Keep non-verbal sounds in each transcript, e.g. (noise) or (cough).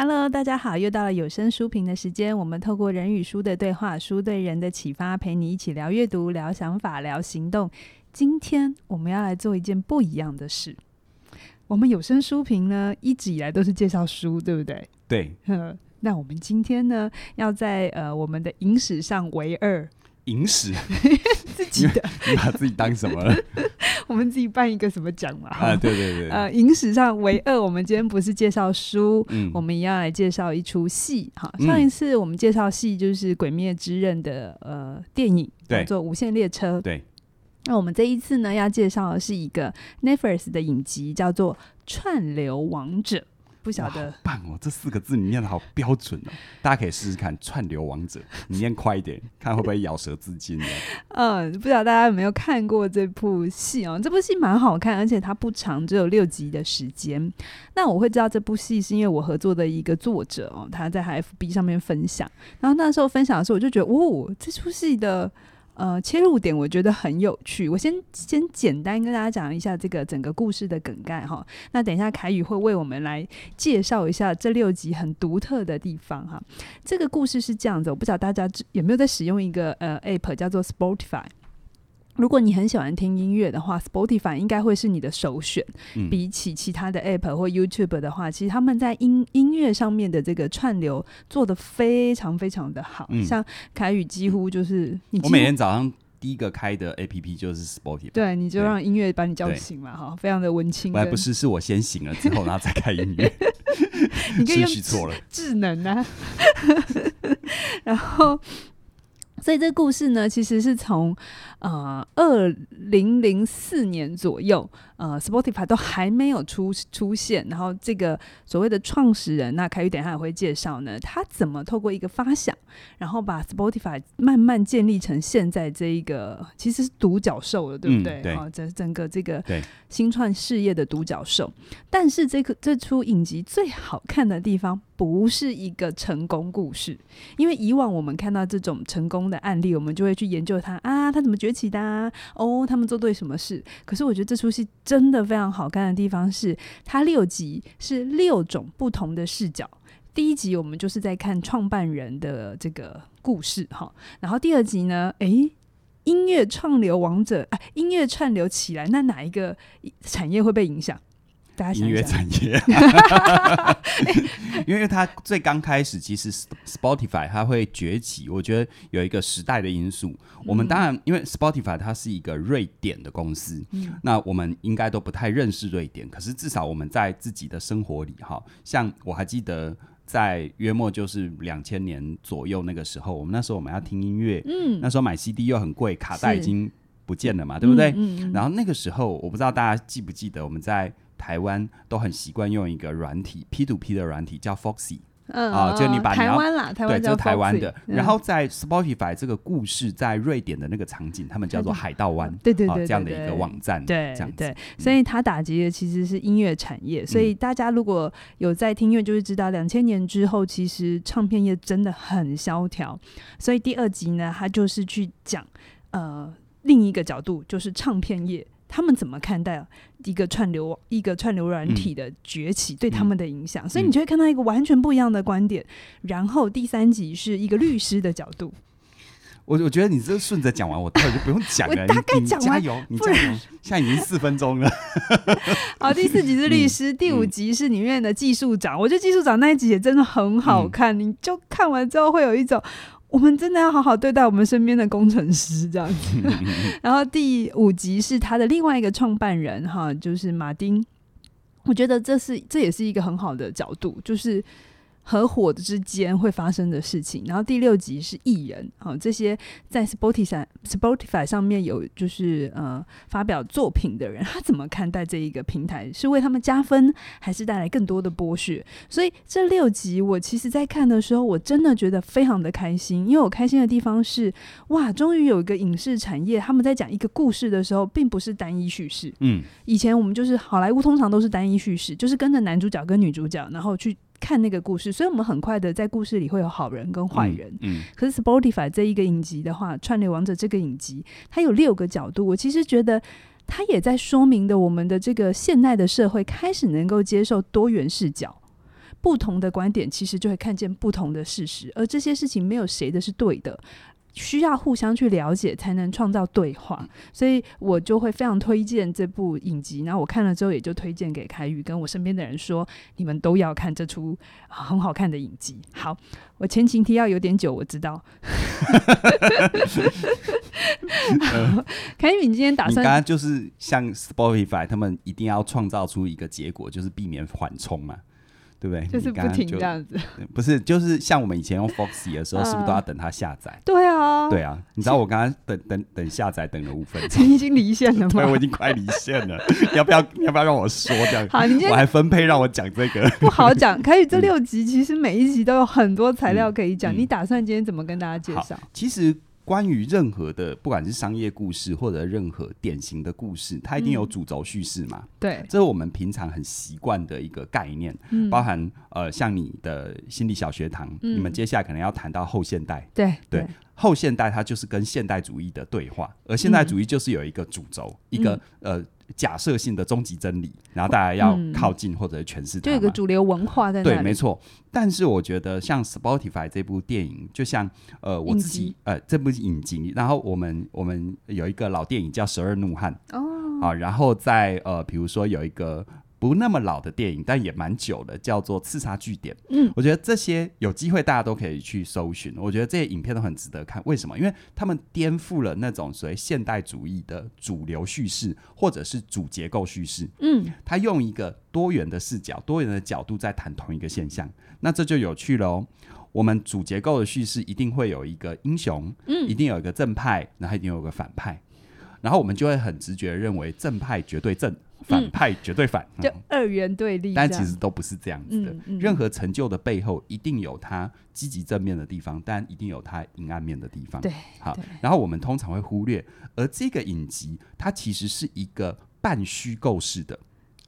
Hello，大家好，又到了有聲書評的時間。我們透過人與書的對話，書對人的啟發，陪你一起聊閱讀、聊想法、聊行動。今天我們要來做一件不一樣的事。我們有聲書評呢，一直以來都是介紹書，對不對？對。嗯，那我們今天呢，要在呃我們的影史上唯二。影史 (laughs) 自己的， (laughs) 你把自己當什麼了？ (laughs) 我們自己辦一個什麼獎嘛？啊，對對對，呃，影史上唯二，我們今天不是介紹書、嗯，我們也要來介紹一出戲哈。上一次我們介紹戲就是《鬼滅之刃》的呃電影、嗯，叫做《無限列車》。對，那我們這一次呢要介紹的是一個 Netflix 的影集，叫做《串流王者》。不曉得，棒哦！這四個字你念得好標準哦， (laughs) 大家可以試試看串流王者，你念快一點， (laughs) 看會不會咬舌自盡呢、啊？ (laughs) 嗯，不知道大家有沒有看過這部戲哦？這部戲蠻好看，而且它不長，只有六集的時間。那我會知道這部戲是因為我合作的一個作者哦，他在 F B 上面分享，然後那時候分享的時候我就覺得，哦，這出戲的。呃，切入點我覺得很有趣。我先先簡單跟大家講一下這個整個故事的梗概哈。那等一下凱宇會為我們來介紹一下這六集很獨特的地方哈。這個故事是這樣子，我不知道大家有沒有在使用一個呃 App 叫做 Spotify。如果你很喜歡聽音樂的話，Spotify 應該會是你的首選。嗯，比起其他的 App 或 YouTube 的話，其實他們在音音樂上面的這個串流做得非常非常的好。嗯，像凱宇幾乎就是乎，我每天早上第一個開的 App 就是 Spotify。對，你就讓音樂把你叫醒嘛，哈，非常的溫馨。也不是，是我先醒了之後，然 (laughs) 後再開音樂。 (laughs) 你可以用智，智能呢，啊？ (laughs) (laughs) (laughs) 然後。所以這個故事呢，其實是從，呃，二零零四年左右，呃，Spotify 都還沒有出出現，然後這個所謂的創始人，那凱宇等一下也會介紹呢，他怎麼透過一個發想，然後把 Spotify 慢慢建立成現在這一個其實是獨角獸了，對不對？啊、嗯，整、哦、整個這個新創事業的獨角獸。但是這個這出影集最好看的地方，不是一個成功故事，因為以往我們看到這種成功的案例，我們就會去研究它啊，它怎麼崛起的啊？哦，他們做對什麼事？可是我覺得這出戲真的非常好看的地方是，它六集是六種不同的視角。第一集我們就是在看創辦人的這個故事哈，然後第二集呢，哎、欸，音樂串流王者啊，音樂串流起來，那哪一個產業會被影響？想想音樂產業 (laughs) (laughs) 因為它最剛開始，其實 Spotify 它會崛起，我覺得有一個時代的因素。我們當然，因為 Spotify 它是一個瑞典的公司，那我們應該都不太認識瑞典。可是至少我們在自己的生活裡，哈，像我還記得在約莫，就是兩千年左右那個時候，我們那時候我們要聽音樂，嗯，那時候買 CD 又很貴，卡帶已經不見了嘛，對不對？然後那個時候，我不知道大家記不記得我們在。台灣都很習慣用一個軟體 P 2 P 的軟體叫 Foxy，啊、嗯呃，就你把你台灣啦，台灣 Foxy, 對，就是、台灣的。然後在 Spotify 這個故事在瑞典的那個場景，嗯、他們叫做海盜灣，對對對,對,對、呃，這樣的一個網站，對,對,對，這樣子。對對對嗯、所以它打擊的其實是音樂產業。所以大家如果有在聽音樂，就會知道兩千年之後，其實唱片業真的很蕭條。所以第二集呢，它就是去講呃另一個角度，就是唱片業。他們怎麼看待一個串流一個串流軟體的崛起，嗯、對他們的影響，嗯。所以你就會看到一個完全不一樣的觀點。嗯、然後第三集是一個律師的角度。我我覺得你這順着講完，我待會就不用講了。你、啊、大概講完，加油，你加油，不然你加油不然，現在已經四分鐘了。 (laughs) (laughs) 好，第四集是律師，嗯、第五集是裡面的技術長。我覺得技術長那一集也真的很好看，嗯、你就看完之後會有一種。我們真的要好好對待我們身邊的工程師，這樣子。 (laughs) 然後第五集是他的另外一個創辦人，哈，就是馬丁。我覺得這是，這也是一個很好的角度，就是。合夥之間會發生的事情，然後第六集是藝人好、哦，這些在 Spotify Spotify 上面有就是呃發表作品的人，他怎麼看待這一個平台？是為他們加分，還是帶來更多的剝削？所以這六集我其實在看的時候，我真的覺得非常的開心，因為我開心的地方是哇，終於有一個影視產業他們在講一個故事的時候，並不是單一敘事。嗯，以前我們就是好萊塢通常都是單一敘事，就是跟着男主角跟女主角，然後去。看那個故事，所以我們很快的在故事裡會有好人跟壞人，嗯。嗯，可是 Spotify 這一個影集的話，串流王者這個影集，它有六個角度。我其實覺得它也在說明的我們的這個現代的社會開始能夠接受多元視角，不同的觀點其實就會看見不同的事實，而這些事情沒有誰的是對的。需要互相去了解，才能創造對話。所以我就會非常推薦這部影集。然後我看了之後，也就推薦給凱宇，跟我身邊的人說，你們都要看這出很好看的影集。好，我前情提要有點久，我知道。凱 (laughs) (laughs) (laughs) (laughs) 宇，你今天打算？你剛剛就是像 Spotify，他們一定要創造出一個結果，就是避免緩衝嘛。對不對？就是剛剛就不停這樣子，不是，就是像我們以前用 Foxy 的時候、 (laughs) 呃，是不是都要等它下載？對啊，對啊，你知道我剛剛等等等下載等了五分鐘，你已經離線了嗎？ (laughs) 對，我已經快離線了， (laughs) 要不要要不要讓我說這樣？好，你今天我還分配讓我講這個，不好講。開 (laughs) 始這六集，其實每一集都有很多材料可以講，嗯、 (laughs) 你打算今天怎麼跟大家介紹？其實。關於任何的，不管是商業故事或者任何典型的故事，它一定有主軸敘事嘛、嗯？對，這是我們平常很習慣的一個概念，嗯、包含呃，像你的心理小學堂，嗯、你們接下來可能要談到後現代，嗯、對對，後現代它就是跟現代主義的對話，而現代主義就是有一個主軸、嗯，一個呃。假設性的終極真理，然後大家要靠近或者全詮釋，就有個主流文化在那裡。對，沒錯。但是我覺得像《Spotify》這部電影，就像呃，我自己呃，這部影集，然後我們我們有一個老電影叫《十二怒漢》哦，啊，然後在呃，比如說有一個。不那麼老的電影，但也蠻久的，叫做《刺殺據點》。嗯，我覺得這些有機會大家都可以去搜尋，我覺得這些影片都很值得看。為什麼？因為他們顛覆了那種所謂現代主義的主流敘事，或者是主結構敘事。嗯，他用一個多元的視角、多元的角度在談同一個現象，那這就有趣嘍。我們主結構的敘事一定會有一個英雄，嗯，一定有一個正派，然後一定有一個反派，然後我們就會很直覺認為正派絕對正。反派絕對反，嗯、就二元對立，但其實都不是這樣子的。嗯嗯、任何成就的背後，一定有它積極正面的地方，但一定有它陰暗面的地方。對，好，對。然後我們通常會忽略，而這個影集它其實是一個半虛構式的。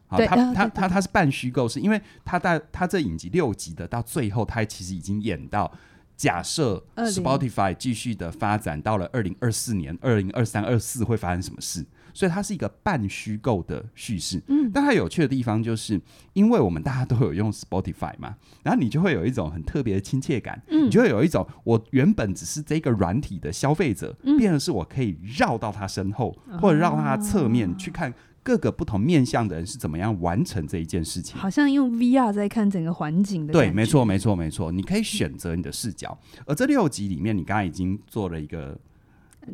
好，它它它它,它是半虛構式，因為它在它這影集六集的到最後，它其實已經演到假設 Spotify 繼續的發展到了二零二四年、二零二三、二四會發生什麼事。所以它是一個半虛構的敘事，嗯，但它有趣的地方就是，因為我們大家都有用 Spotify 嘛，然後你就會有一種很特別的親切感，嗯，你就會有一種我原本只是這個軟體的消費者，嗯，變成是我可以繞到他身後，嗯、或者繞到他側面去看各個不同面向的人是怎麼樣完成這一件事情，好像用 VR 在看整個環境的，對，沒錯，沒錯，沒錯，你可以選擇你的視角、嗯，而這六集裡面，你剛剛已經做了一個。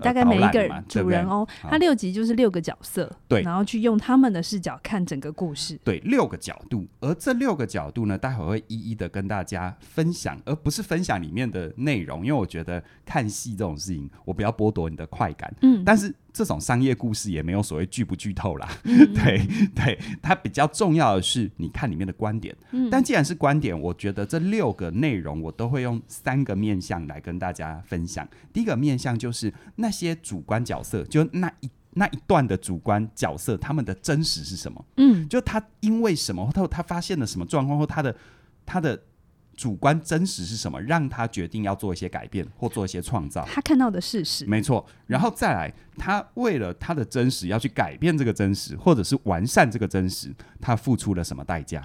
大概每一個人主人哦，他六集就是六個角色，哦，對，然後去用他們的視角看整個故事，對，六個角度。而這六個角度呢，待會兒會一一的跟大家分享，而不是分享裡面的內容，因為我覺得看戲這種事情，我不要剝奪你的快感，嗯，但是，這種商業故事也沒有所謂劇不劇透啦，嗯嗯，對對，它比較重要的是你看裡面的觀點。嗯，但既然是觀點，我覺得這六個內容我都會用三個面向來跟大家分享。第一個面向就是那些主觀角色，就那一那一段的主觀角色，他們的真實是什麼？嗯，就他因為什麼或他發現了什麼狀況或他的他的。他的主觀真實是什麼？讓他決定要做一些改變或做一些創造。他看到的事實，沒錯。然後再來，他為了他的真實要去改變這個真實，或者是完善這個真實，他付出了什麼代價？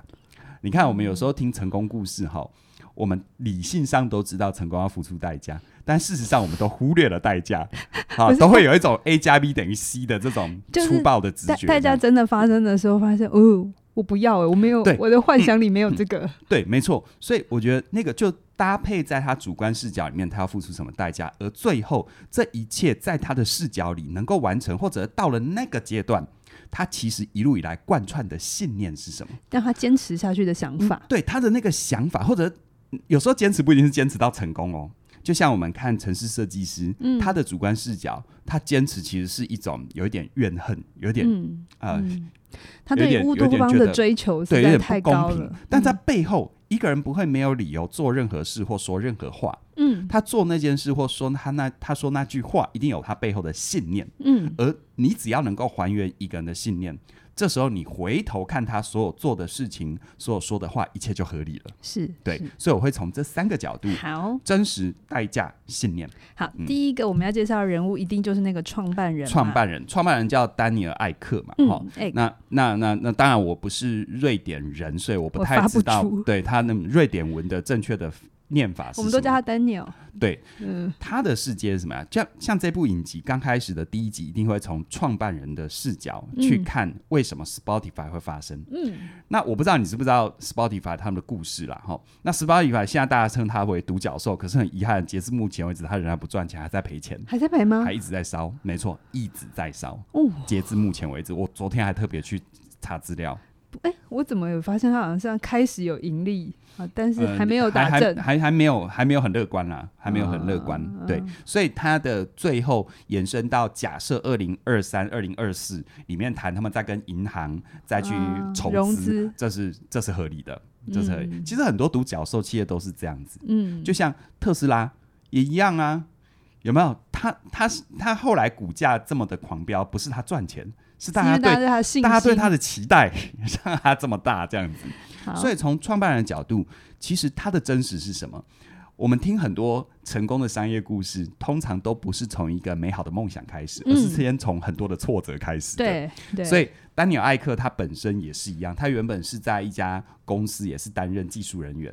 你看，我們有時候聽成功故事哈、嗯，我們理性上都知道成功要付出代價，但事實上我們都忽略了代價。好、啊， (laughs) 都會有一種 A 加 B 等於 C 的這種粗暴的直覺、就是。代價真的發生的時候，發現哦。我不要、欸、我沒有我的幻想裡沒有這個。嗯嗯、對，沒錯，所以我覺得那個就搭配在他主觀視角裡面，他要付出什麼代價，而最後這一切在他的視角裡能夠完成，或者到了那個階段，他其實一路以來貫穿的信念是什麼？讓他堅持下去的想法。嗯、對，他的那個想法，或者有時候堅持不一定是堅持到成功哦。就像我們看程式設計師、嗯，他的主觀視角，他堅持其實是一種有一點怨恨，有點嗯、呃、嗯，他對烏托邦的追求太高了，對有點不公平、嗯。但在背後，一個人不會沒有理由做任何事或說任何話。嗯，他做那件事，或說他那他說那句話，一定有他背後的信念。嗯，而你只要能夠還原一個人的信念，這時候你回頭看他所有做的事情，所有說的話，一切就合理了。是對是，所以我會從這三個角度：好，真實、代價、信念。好、嗯，第一個我們要介紹的人物，一定就是那個創辦人。創辦人，創辦人叫丹尼爾·艾克嘛。好、嗯欸，那那那那，那那當然我不是瑞典人，所以我不太知道對他那瑞典文的正確的念法是我們都叫他 Daniel。對，嗯，他的世界是什麼呀？像像這部影集剛開始的第一集，一定會從創辦人的視角去看為什麼 Spotify 會發生。嗯，那我不知道你知不知道 Spotify 他們的故事啦。哈、嗯？那 Spotify 現在大家稱他為獨角獸，可是很遺憾，截至目前為止，他仍然不賺錢，還在賠錢，還在賠嗎？還一直在燒，沒錯，一直在燒。哦，截至目前為止，我昨天還特別去查資料。哎、欸，我怎麼有發現他好像開始有盈利啊？但是還沒有達成，嗯，還還，還沒有，還沒有很樂觀啦，啊啊，還沒有很樂觀。對，所以他的最後延伸到假設二零二三、二零二四裡面談，他們在跟銀行再去籌資，啊，這是這是合理的，嗯，這是合理。其實很多獨角獸企業都是這樣子，嗯，就像特斯拉也一樣啊，有沒有？他、他、是他後來股價這麼的狂飆，不是他賺錢。是大家對，他對他的信心。大家對他的期待，像他這麼大這樣子，所以從創辦人的角度，其實他的真實是什麼？我們聽很多成功的商業故事，通常都不是從一個美好的夢想開始，嗯、而是先從很多的挫折開始。對。對，所以丹尼爾·艾克他本身也是一樣，他原本是在一家公司，也是擔任技術人員。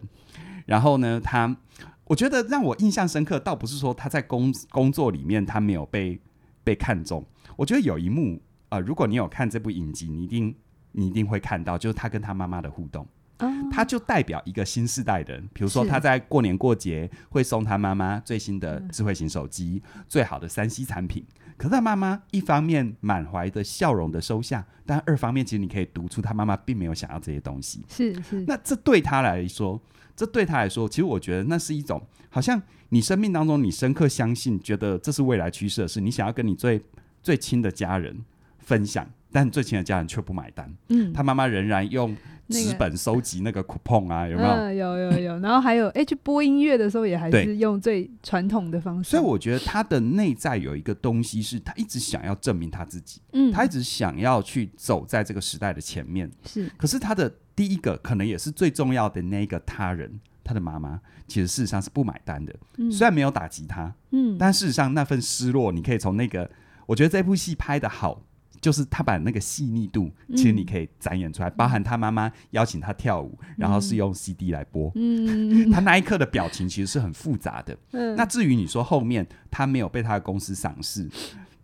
然後呢，他我覺得讓我印象深刻，倒不是說他在工工作裡面他沒有被被看中，我覺得有一幕。啊、呃，如果你有看這部影集，你一定你一定會看到，就是他跟他媽媽的互動。Oh. 他就代表一個新時代的人，比如說他在過年過節會送他媽媽最新的智慧型手機、mm. 最好的三 C 產品。可是他媽媽一方面滿懷著笑容的收下，但二方面其實你可以讀出他媽媽並沒有想要這些東西。是是。那這對他來說，這對他來說，其實我覺得那是一種好像你生命當中你深刻相信、覺得這是未來趨勢的事，你想要跟你最最親的家人。分享，但最親的家人卻不買單。嗯，他媽媽仍然用紙本收集那個 coupon 啊，嗯、有沒有、嗯？有有有。然後還有 H、欸、去播音樂的時候，也還是用最傳統的方式。所以我覺得他的內在有一個東西，是他一直想要證明他自己。嗯，他一直想要去走在這個時代的前面。是，可是他的第一個，可能也是最重要的那一個，他人，他的媽媽，其實事實上是不買單的。嗯，雖然沒有打擊他，嗯，但事實上那份失落，你可以從那個，我覺得這部戲拍得好。就是他把那個細膩度，其實你可以展演出來，嗯、包含他媽媽邀請他跳舞、嗯，然後是用 CD 來播，嗯，嗯 (laughs) 他那一刻的表情其實是很複雜的，嗯、那至於你說後面他沒有被他的公司賞識，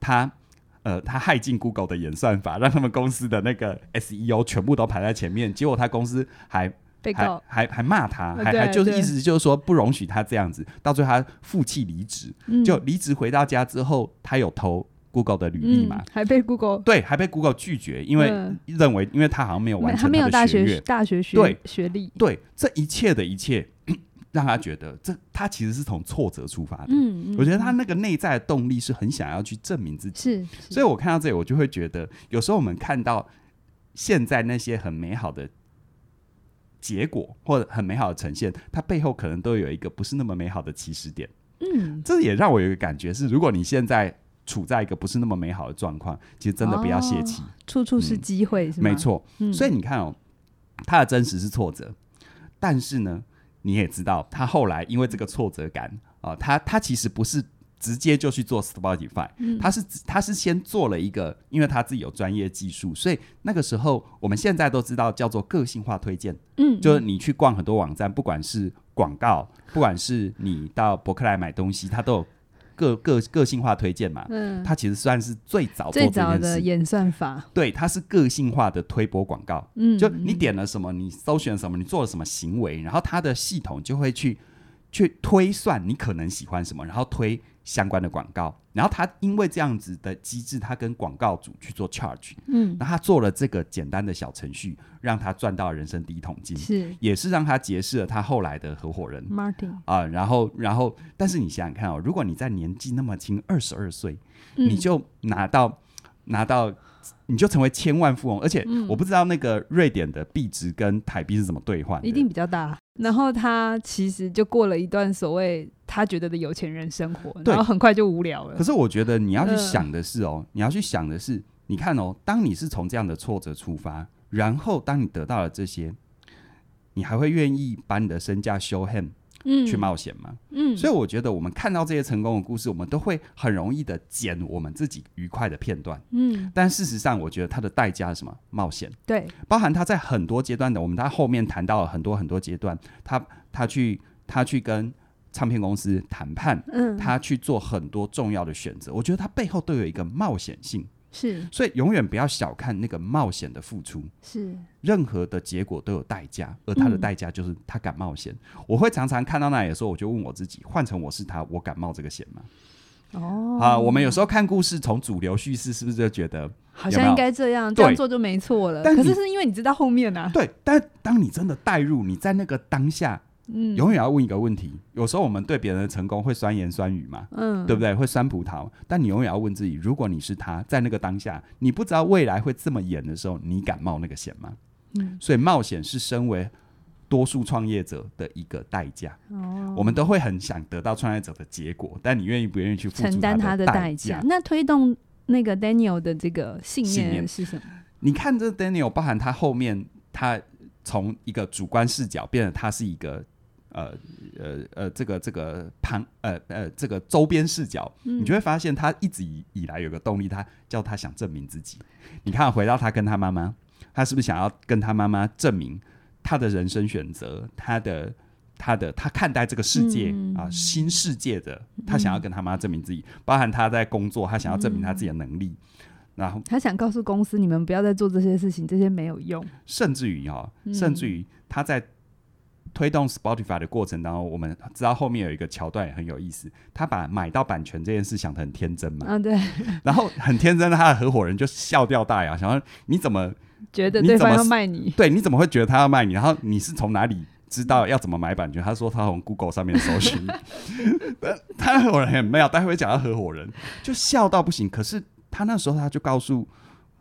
他呃，他駭進 Google 的演算法，讓他們公司的那個 SEO 全部都排在前面，結果他公司還還還罵他，啊、還、啊、還就意思就是說不容許他這樣子，到最後他負氣離職，就離職回到家之後，他有投。Google 的履歷嘛、嗯，還被 Google 對，還被 Google 拒絕，因為認為因為他好像沒有完成他的學業，沒，他沒有大學大學學歷，對，對，這一切的一切，讓他覺得這他其實是從挫折出發的，嗯，嗯。我覺得他那個內在的動力是很想要去證明自己，是。所以我看到這裡，我就會覺得，有時候我們看到現在那些很美好的結果或者很美好的呈現，它背後可能都有一個不是那麼美好的起始點。嗯，這也讓我有一個感覺是，如果你現在。處在一個不是那麼美好的狀況，其實真的不要洩氣，哦，處處是機會。嗯、是嗎？沒錯、嗯，所以你看哦，他的真實是挫折，但是呢，你也知道，他後來因為這個挫折感啊，他、呃、他其實不是直接就去做 Spotify，他、嗯、是他是先做了一個，因為他自己有專業技術，所以那個時候我們現在都知道叫做個性化推薦，嗯、嗯，就是你去逛很多網站，不管是廣告，不管是你到博客來買東西，他都有。個個個性化推薦嘛，它、嗯、其實算是最早做最早的演算法，對，它是個性化的推播廣告、嗯，就你點了什麼，你搜尋什麼，你做了什麼行為，然後它的系統就會去。去推算你可能喜歡什麼，然後推相關的廣告，然後他因為這樣子的機制，他跟廣告主去做 charge，嗯，然後他做了這個簡單的小程序，讓他賺到人生第一桶金，是，也是讓他結識了他後來的合夥人 Martin 啊，然後，然後，但是你想想看哦，如果你在年紀那麼輕，二十二歲、嗯，你就拿到拿到，你就成為千萬富翁，而且我不知道那個瑞典的幣值跟台幣是怎麼兌換，一定比較大。然後他其實就過了一段所謂他覺得的有錢人生活，然後很快就無聊了。可是我覺得你要去想的是哦、呃，你要去想的是，你看哦，當你是從這樣的挫折出發，然後當你得到了這些，你還會願意把你的身價修黑？嗯，去冒險嘛，嗯，嗯，所以我覺得我們看到這些成功的故事，我們都會很容易的剪我們自己愉快的片段，嗯，但事實上，我覺得它的代價是什麼？冒險，對，包含他在很多階段的，我們他後面談到了很多很多階段，他他去他去跟唱片公司談判，嗯，他去做很多重要的選擇，嗯，我覺得他背後都有一個冒險性。是，所以永遠不要小看那個冒險的付出。是，任何的結果都有代價，而他的代價就是他敢冒險。嗯。我會常常看到那裡的時候，我就問我自己：換成我是他，我敢冒這個險嗎？哦，啊，我們有時候看故事，從主流敘事是不是就覺得好像應該這樣有沒有？這樣做就沒錯了？但可是是因為你知道後面啊，對，但當你真的帶入，你在那個當下。嗯，永遠要問一個問題。有時候我們對別人的成功會酸言酸語嘛，嗯，對不對？會酸葡萄，但你永遠要問自己：如果你是他，在那個當下，你不知道未來會這麼演的時候，你敢冒那個險嗎？嗯，所以冒險是身為多數創業者的一個代價。哦，我們都會很想得到創業者的結果，但你願意不願意去承擔他的代價？那推動那個 Daniel 的這個信念是什麼？你看這 Daniel 包含他後面，他從一個主觀視角變成他是一個。呃呃呃，這個這個旁呃呃這個周邊視角、嗯，你就會發現他一直以以來有個動力他，他叫他想證明自己。你看，回到他跟他媽媽，他是不是想要跟他媽媽證明他的人生選擇，他的他的他看待這個世界、嗯、啊，新世界的他想要跟他媽媽證明自己、嗯，包含他在工作，他想要證明他自己的能力。嗯、然後他想告訴公司，你們不要再做這些事情，這些沒有用。甚至於哈、哦嗯，甚至於他在。推動 Spotify 的過程當中，我們知道後面有一個橋段也很有意思。他把買到版權這件事想得很天真嘛、啊，對，然後很天真的，他的合夥人就笑掉大牙，想說你怎麼覺得對方要賣你？對，你怎麼會覺得他要賣你？然後你是從哪裡知道要怎麼買版權？他說他從 Google 上面搜尋。 (laughs) 他的合夥人沒有，待會講到合夥人就笑到不行。可是他那時候他就告訴。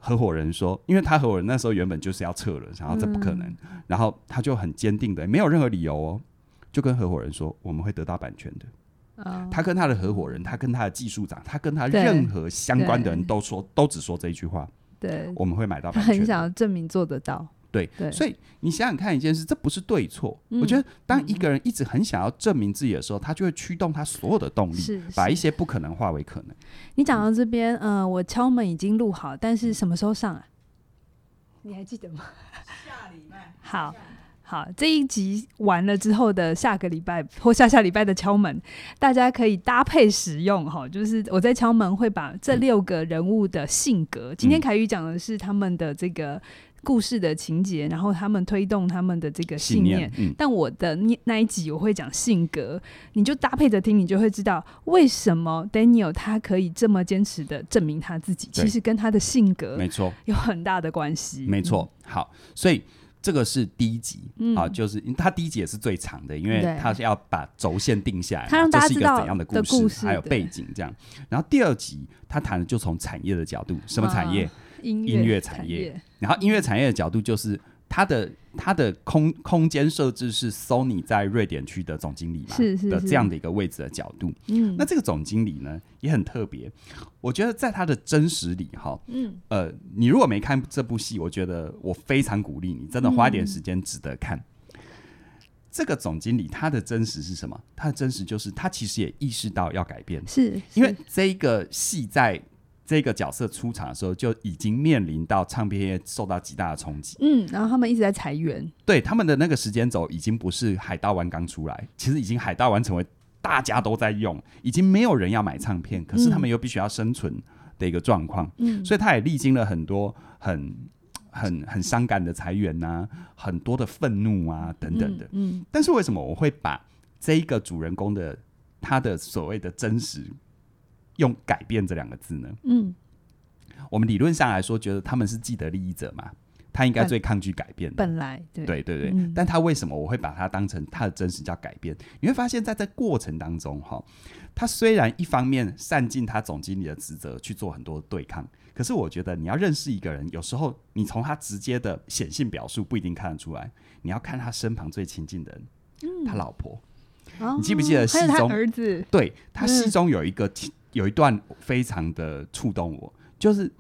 合夥人說，因為他合夥人那時候原本就是要撤了，然後這不可能，嗯，然後他就很堅定的，沒有任何理由哦，就跟合夥人說，我們會得到版權的。哦，他跟他的合夥人，他跟他的技術長，他跟他任何相關的人都說，都只說這一句話，對，我們會買到版權，他很想要證明做得到。對，對，所以你想想看一件事，這不是對錯。嗯、我覺得，當一個人一直很想要證明自己的時候，他就會驅動他所有的動力，嗯、把一些不可能化為可能。你講到這邊，嗯、呃，我敲門已經錄好，但是什麼時候上啊？嗯、你還記得嗎？下禮拜。好，下禮拜好，好，這一集完了之後的下個禮拜或下下禮拜的敲門，大家可以搭配使用哈、哦。就是我在敲門會把這六個人物的性格，嗯、今天凱宇講的是他們的這個。故事的情節，然後他們推動他們的這個信念。信念嗯、但我的那那一集我會講性格，你就搭配着聽，你就會知道為什麼 Daniel 他可以這麼堅持的證明他自己，其實跟他的性格沒錯有很大的關係沒、嗯。沒錯，好，所以這個是第一集好、嗯啊，就是因為他第一集也是最長的，因為他是要把軸線定下來，他讓大家知道怎樣的故事，還有背景這樣。然後第二集他談的就從產業的角度，什麼產業？哦音樂產，產業，然後音樂產業的角度就是它的，它的空空間設置是 Sony 在瑞典區的總經理嘛，是是是的這樣的一個位置的角度。嗯，那這個總經理呢也很特別，我覺得在他的真實裡哈，嗯，呃，你如果沒看這部戲，我覺得我非常鼓勵你，真的花一點時間值得看。嗯、這個總經理他的真實是什麼？他的真實就是他其實也意識到要改變，是，是因為這一個戲在。這個角色出場的時候，就已經面臨到唱片業受到極大的衝擊。嗯，然後他們一直在裁員。對，他們的那個時間軸已經不是《海盜灣》剛出來，其實已經《海盜灣》成為大家都在用，已經沒有人要買唱片，可是他們又必須要生存的一個狀況。嗯，所以他也歷經了很多很、很、很、很傷感的裁員啊，很多的憤怒啊等等的。嗯。嗯，但是為什麼我會把這一個主人公的他的所謂的真實，用改變這兩個字呢？嗯，我們理論上來說，覺得他們是既得利益者嘛，他應該最抗拒改變的。本來，對對對，對、嗯、但他為什麼我會把他當成他的真實叫改變？嗯、你會發現，在這過程當中哈、哦，他雖然一方面善盡他總經理的職責去做很多對抗，可是我覺得你要認識一個人，有時候你從他直接的顯性表述不一定看得出來，你要看他身旁最親近的人，嗯、他老婆、哦。你記不記得戲中他兒子？對，他戲中有一個親。嗯有一段非常的觸動我，就是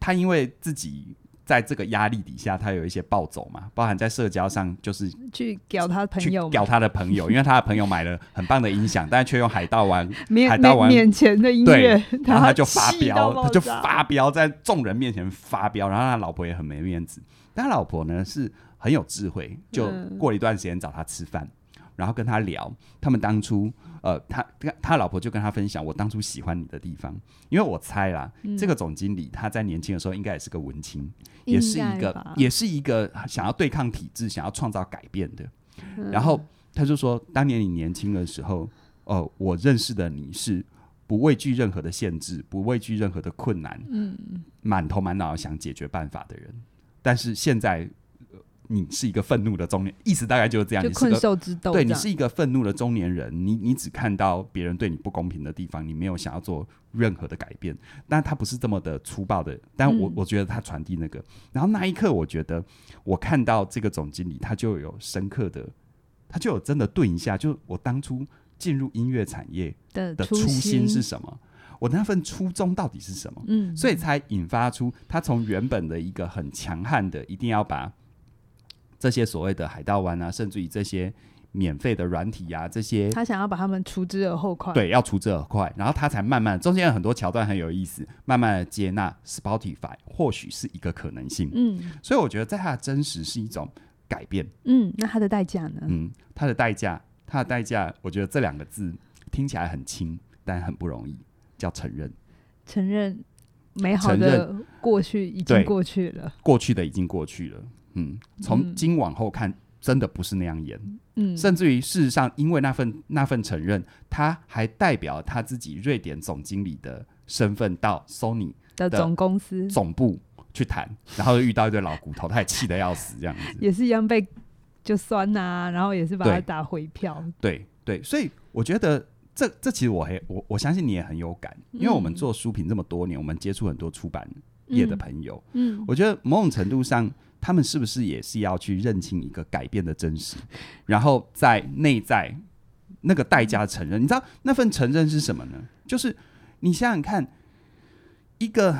他因為自己在這個壓力底下，他有一些暴走嘛，包含在社交上，就是去屌他朋友，屌他的朋友，因為他的朋友買了很棒的音響， (laughs) 但是卻用海盜灣，海盜灣面前的音樂，然後他就發飆，他就發飆，在眾人面前發飆，然後他老婆也很沒面子。但他老婆呢是很有智慧，就過了一段時間找他吃飯，嗯，然後跟他聊，他們當初。呃，他跟他老婆就跟他分享我當初喜歡你的地方，因為我猜啦，嗯，這個總經理他在年輕的時候應該也是個文青，也是一個也是一個想要對抗體制、想要創造改變的，嗯。然後他就說，當年你年輕的時候，呃，我認識的你是不畏懼任何的限制，不畏懼任何的困難，嗯，滿頭滿腦想解決辦法的人。但是現在。你是一個憤怒的中年，意思大概就是這樣。就困獸之鬥這樣。你是個，對，你是一個憤怒的中年人，你你只看到別人對你不公平的地方，你沒有想要做任何的改變。那他不是這麼的粗暴的，但我、嗯、我覺得他傳遞那個。然後那一刻，我覺得我看到這個總經理，他就有深刻的，他就有真的頓一下，就我當初進入音樂產業的初心是什麼？我那份初衷到底是什麼、嗯？所以才引發出他從原本的一個很強悍的，一定要把。這些所謂的海盜灣啊，甚至於這些免費的軟體啊，這些他想要把他們除之而後快。對，要除之而快，然後他才慢慢中間有很多橋段很有意思，慢慢的接納 Spotify 或許是一個可能性。嗯，所以我覺得在他的真實是一種改變。嗯，那他的代價呢？嗯，他的代價，他的代價，我覺得這兩個字聽起來很輕，但很不容易，叫承認。承認美好的過去已經過去了，過去的已經過去了。嗯，從今往後看、嗯，真的不是那樣演。嗯，甚至於事實上，因為那份那份承認，他還代表他自己瑞典總經理的身份到 Sony 的總，的總公司總部去談，然後遇到一堆老骨頭， (laughs) 他也氣得要死，這樣子也是一樣被就酸吶、啊，然後也是把他打回票。對對，對，所以我覺得這這其實我還我我相信你也很有感，嗯、因為我們做書評這麼多年，我們接觸很多出版業的朋友，嗯，嗯，我覺得某種程度上。他們是不是也是要去認清一個改變的真實，然後在內在那個代價承認？你知道那份承認是什麼呢？就是你想想看，一個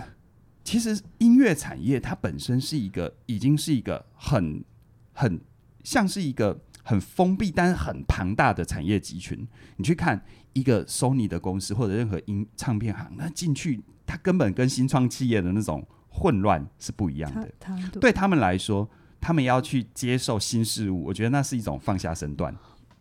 其實音樂產業它本身是一個已經是一個很很像是一個很封閉但很龐大的產業集群。你去看一個 Sony 的公司或者任何音唱片行，那進去它根本跟新創企業的那種。混亂是不一樣的他他，對，對他們來說，他們要去接受新事物，我覺得那是一種放下身段。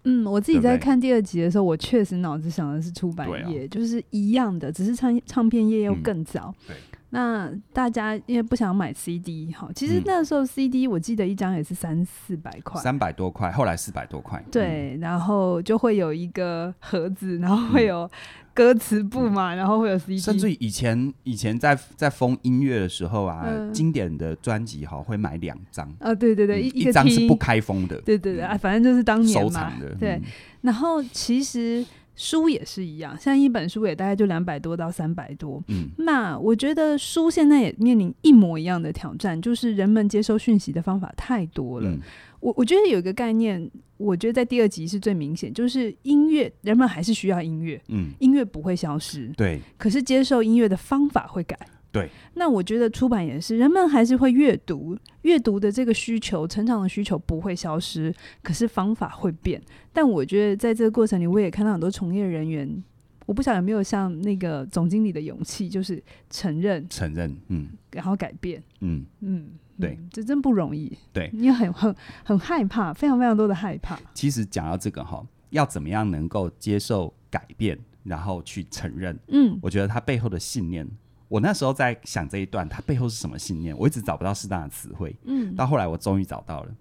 嗯，我自己在看第二集的時候，我確實腦子想的是出版業、啊，就是一樣的，只是唱唱片業又更早、嗯。對，那大家因為不想買 CD 哈，其實那時候 CD 我記得一張也是三四百、嗯、塊，三百多塊，後來四百多塊、嗯。對，然後就會有一個盒子，然後會有、嗯。歌詞部嘛、嗯，然後會有 CD 甚至，以前以前在在封音樂的時候啊，呃、經典的專輯哈會買兩張啊、哦，對對對、嗯一一，一張是不開封的，對對對啊，反正就是當年收藏的、嗯。對，然後其實書也是一樣，像一本書也大概就兩百多到三百多。嗯，那我覺得書現在也面臨一模一樣的挑戰，就是人們接收訊息的方法太多了。嗯、我我覺得有一個概念。我覺得在第二集是最明顯，就是音樂，人們還是需要音樂，嗯，音樂不會消失，對，可是接受音樂的方法會改，對。那我覺得出版也是，人們還是會閱讀，閱讀的這個需求、成長的需求不會消失，可是方法會變。但我覺得在這個過程裡，我也看到很多從業人員，我不曉得有沒有像那個總經理的勇氣，就是承認、承認，嗯，然後改變，嗯嗯。對、嗯，這真不容易。對，你很很很害怕，非常非常多的害怕。其實講到這個哈，要怎麼樣能夠接受改變，然後去承認？嗯，我覺得他背後的信念，我那時候在想這一段，他背後是什麼信念？我一直找不到適當的詞彙。嗯，到後來我終於找到了，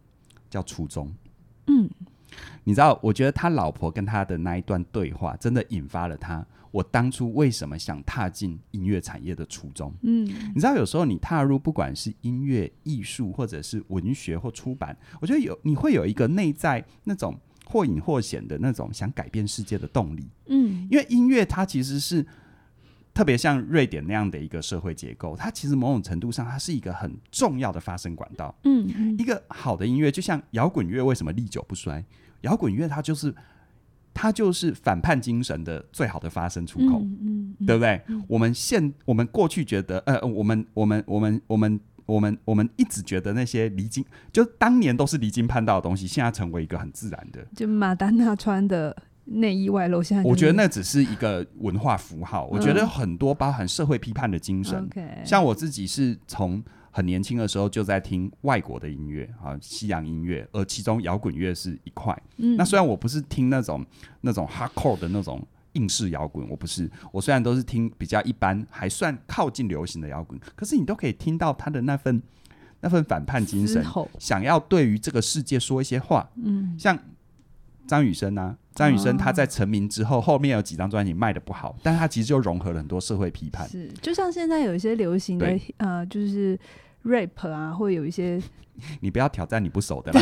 叫初衷。嗯，你知道，我覺得他老婆跟他的那一段對話，真的引發了他。我當初為什麼想踏進音樂產業的初衷？嗯，你知道，有時候你踏入不管是音樂、藝術，或者是文學或出版，我覺得有你會有一個內在那種或隱或顯的那種想改變世界的動力。嗯，因為音樂它其實是特別像瑞典那樣的一個社會結構，它其實某種程度上它是一個很重要的發聲管道。嗯，一個好的音樂，就像搖滾樂為什麼歷久不衰？搖滾樂它就是。它就是反叛精神的最好的發聲出口，嗯嗯，對不對？嗯、我們現我們過去覺得，呃，我們我們我們我們我們我們一直覺得那些離經，就當年都是離經叛道的東西，現在成為一個很自然的。就馬丹娜穿的內衣外露，現在我覺得那只是一個文化符號。 (laughs) 我覺得很多包含社會批判的精神，嗯、像我自己是從。很年輕的時候就在聽外國的音樂啊，西洋音樂，而其中搖滾樂是一塊、嗯。那雖然我不是聽那種那種 hardcore 的那種硬式搖滾，我不是，我雖然都是聽比較一般，還算靠近流行的搖滾，可是你都可以聽到他的那份那份反叛精神，想要對於這個世界說一些話。嗯，像張雨生啊，張雨生他在成名之後，啊、後面有幾張專輯賣得不好，但他其實就融合了很多社會批判，是就像現在有一些流行的呃，就是。Rap 啊，會有一些，你不要挑戰你不熟的啦。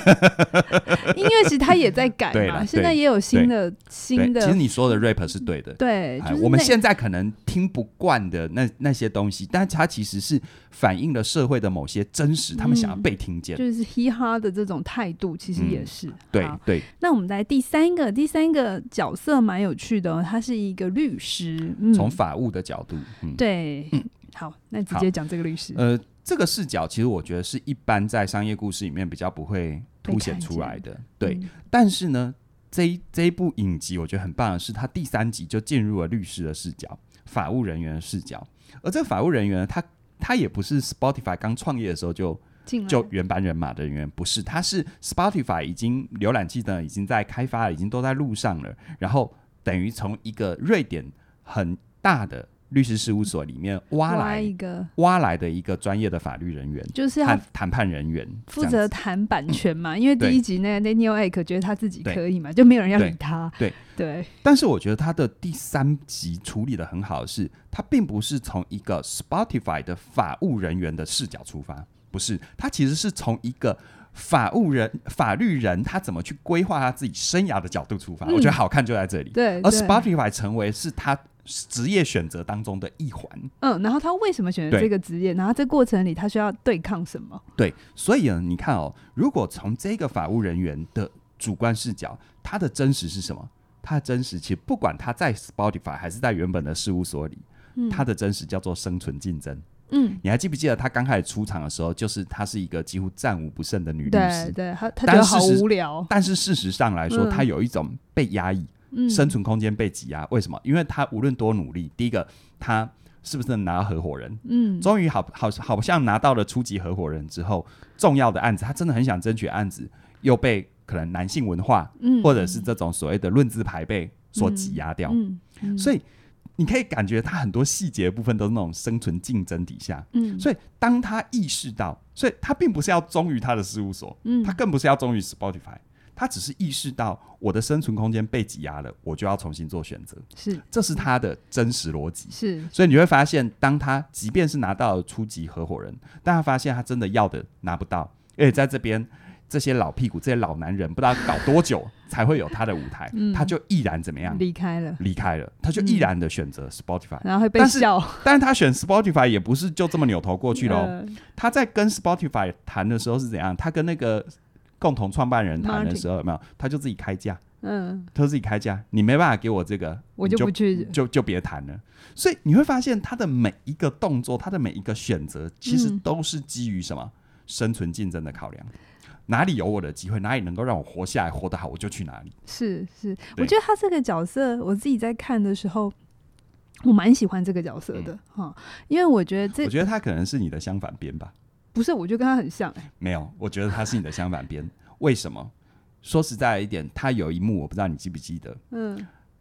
(laughs) (laughs) 音樂其實它也在改嘛，現在也有新的新的。其實你說的 Rap 是對的。對，就是哎、我們現在可能聽不慣的那那些東西，但它其實是反映了社會的某些真實，嗯、他們想要被聽見。就是嘻哈的這種態度，其實也是。嗯、對對。那我們來第三個，第三個角色蠻有趣的、哦，他是一個律師。從、嗯、法務的角度，嗯、對、嗯。好，那直接講這個律師。呃。這個視角其實我覺得是一般在商業故事裡面比較不會凸顯出來的，對、嗯。但是呢，這一這一部影集我覺得很棒的是，它第三集就進入了律師的視角、法務人員的視角。而這個法務人員呢，他他也不是 Spotify 剛創業的時候就就原班人馬的人員，不是，他是 Spotify 已經瀏覽器呢已經在開發了，已經都在路上了。然後等於從一個瑞典很大的。律師事務所裡面挖來挖一個挖來的一個專業的法律人員，就是要談判人員，負責談版權嘛、嗯。因為第一集那個那 Daniel Ek 覺得他自己可以嘛，就沒有人要理他。對對，對。但是我覺得他的第三集處理得很好的是，他並不是從一個 Spotify 的法務人員的視角出發，不是，他其實是從一個法務人、法律人他怎麼去規劃他自己生涯的角度出發、嗯。我覺得好看就在這裡。對，對，而 Spotify 成為是他。職業選擇當中的一環。嗯，然後他為什麼選擇這個職業？然後這過程裡他需要對抗什麼？對，所以呢，你看哦，如果從這個法務人員的主觀視角，他的真實是什麼？他的真實其實不管他在 Spotify 還是在原本的事務所裡，嗯、他的真實叫做生存競爭。嗯，你還記不記得他剛開始出場的時候，就是她是一個幾乎戰無不勝的女律師？對，她她覺得好無聊但，但是事實上來說，她、嗯、有一種被壓抑。嗯、生存空間被擠壓，為什麼？因為他無論多努力，第一個他是不是能拿到合夥人？嗯，終於好好好像拿到了初級合夥人之後，重要的案子，他真的很想爭取案子，又被可能男性文化，嗯、或者是這種所謂的論資排輩所擠壓掉嗯嗯。嗯，所以你可以感覺他很多細節部分都是那種生存競爭底下。嗯，所以當他意識到，所以他並不是要忠於他的事務所，嗯，他更不是要忠於 Spotify。他只是意識到我的生存空間被擠壓了，我就要重新做選擇。是，這是他的真實邏輯。是，所以你會發現，當他即便是拿到了初級合夥人，但他發現他真的要的拿不到，而且在這邊這些老屁股、這些老男人，不知道搞多久才會有他的舞台。 (laughs) 嗯、他就毅然怎麼樣離開了，離開了，他就毅然的選擇 Spotify、嗯。然後會被笑。但是，但是他選 Spotify 也不是就這麼扭頭過去咯。呃、他在跟 Spotify 談的時候是怎樣？他跟那個。共同創辦人談的時候，有沒有 Martin, 他、嗯？他就自己開價，嗯，他自己開價，你沒辦法給我這個，我就不去就，就就別談了。所以你會發現他的每一個動作，他的每一個選擇，其實都是基於什麼、嗯、生存競爭的考量。哪裡有我的機會，哪裡能夠讓我活下來、活得好，我就去哪裡。是是，我覺得他這個角色，我自己在看的時候，我蠻喜歡這個角色的哈、嗯，因為我覺得這，我覺得他可能是你的相反邊吧。不是，我就跟他很像哎、欸。沒有，我覺得他是你的相反邊。 (laughs) 為什麼？說實在一點，他有一幕我不知道你記不記得。嗯。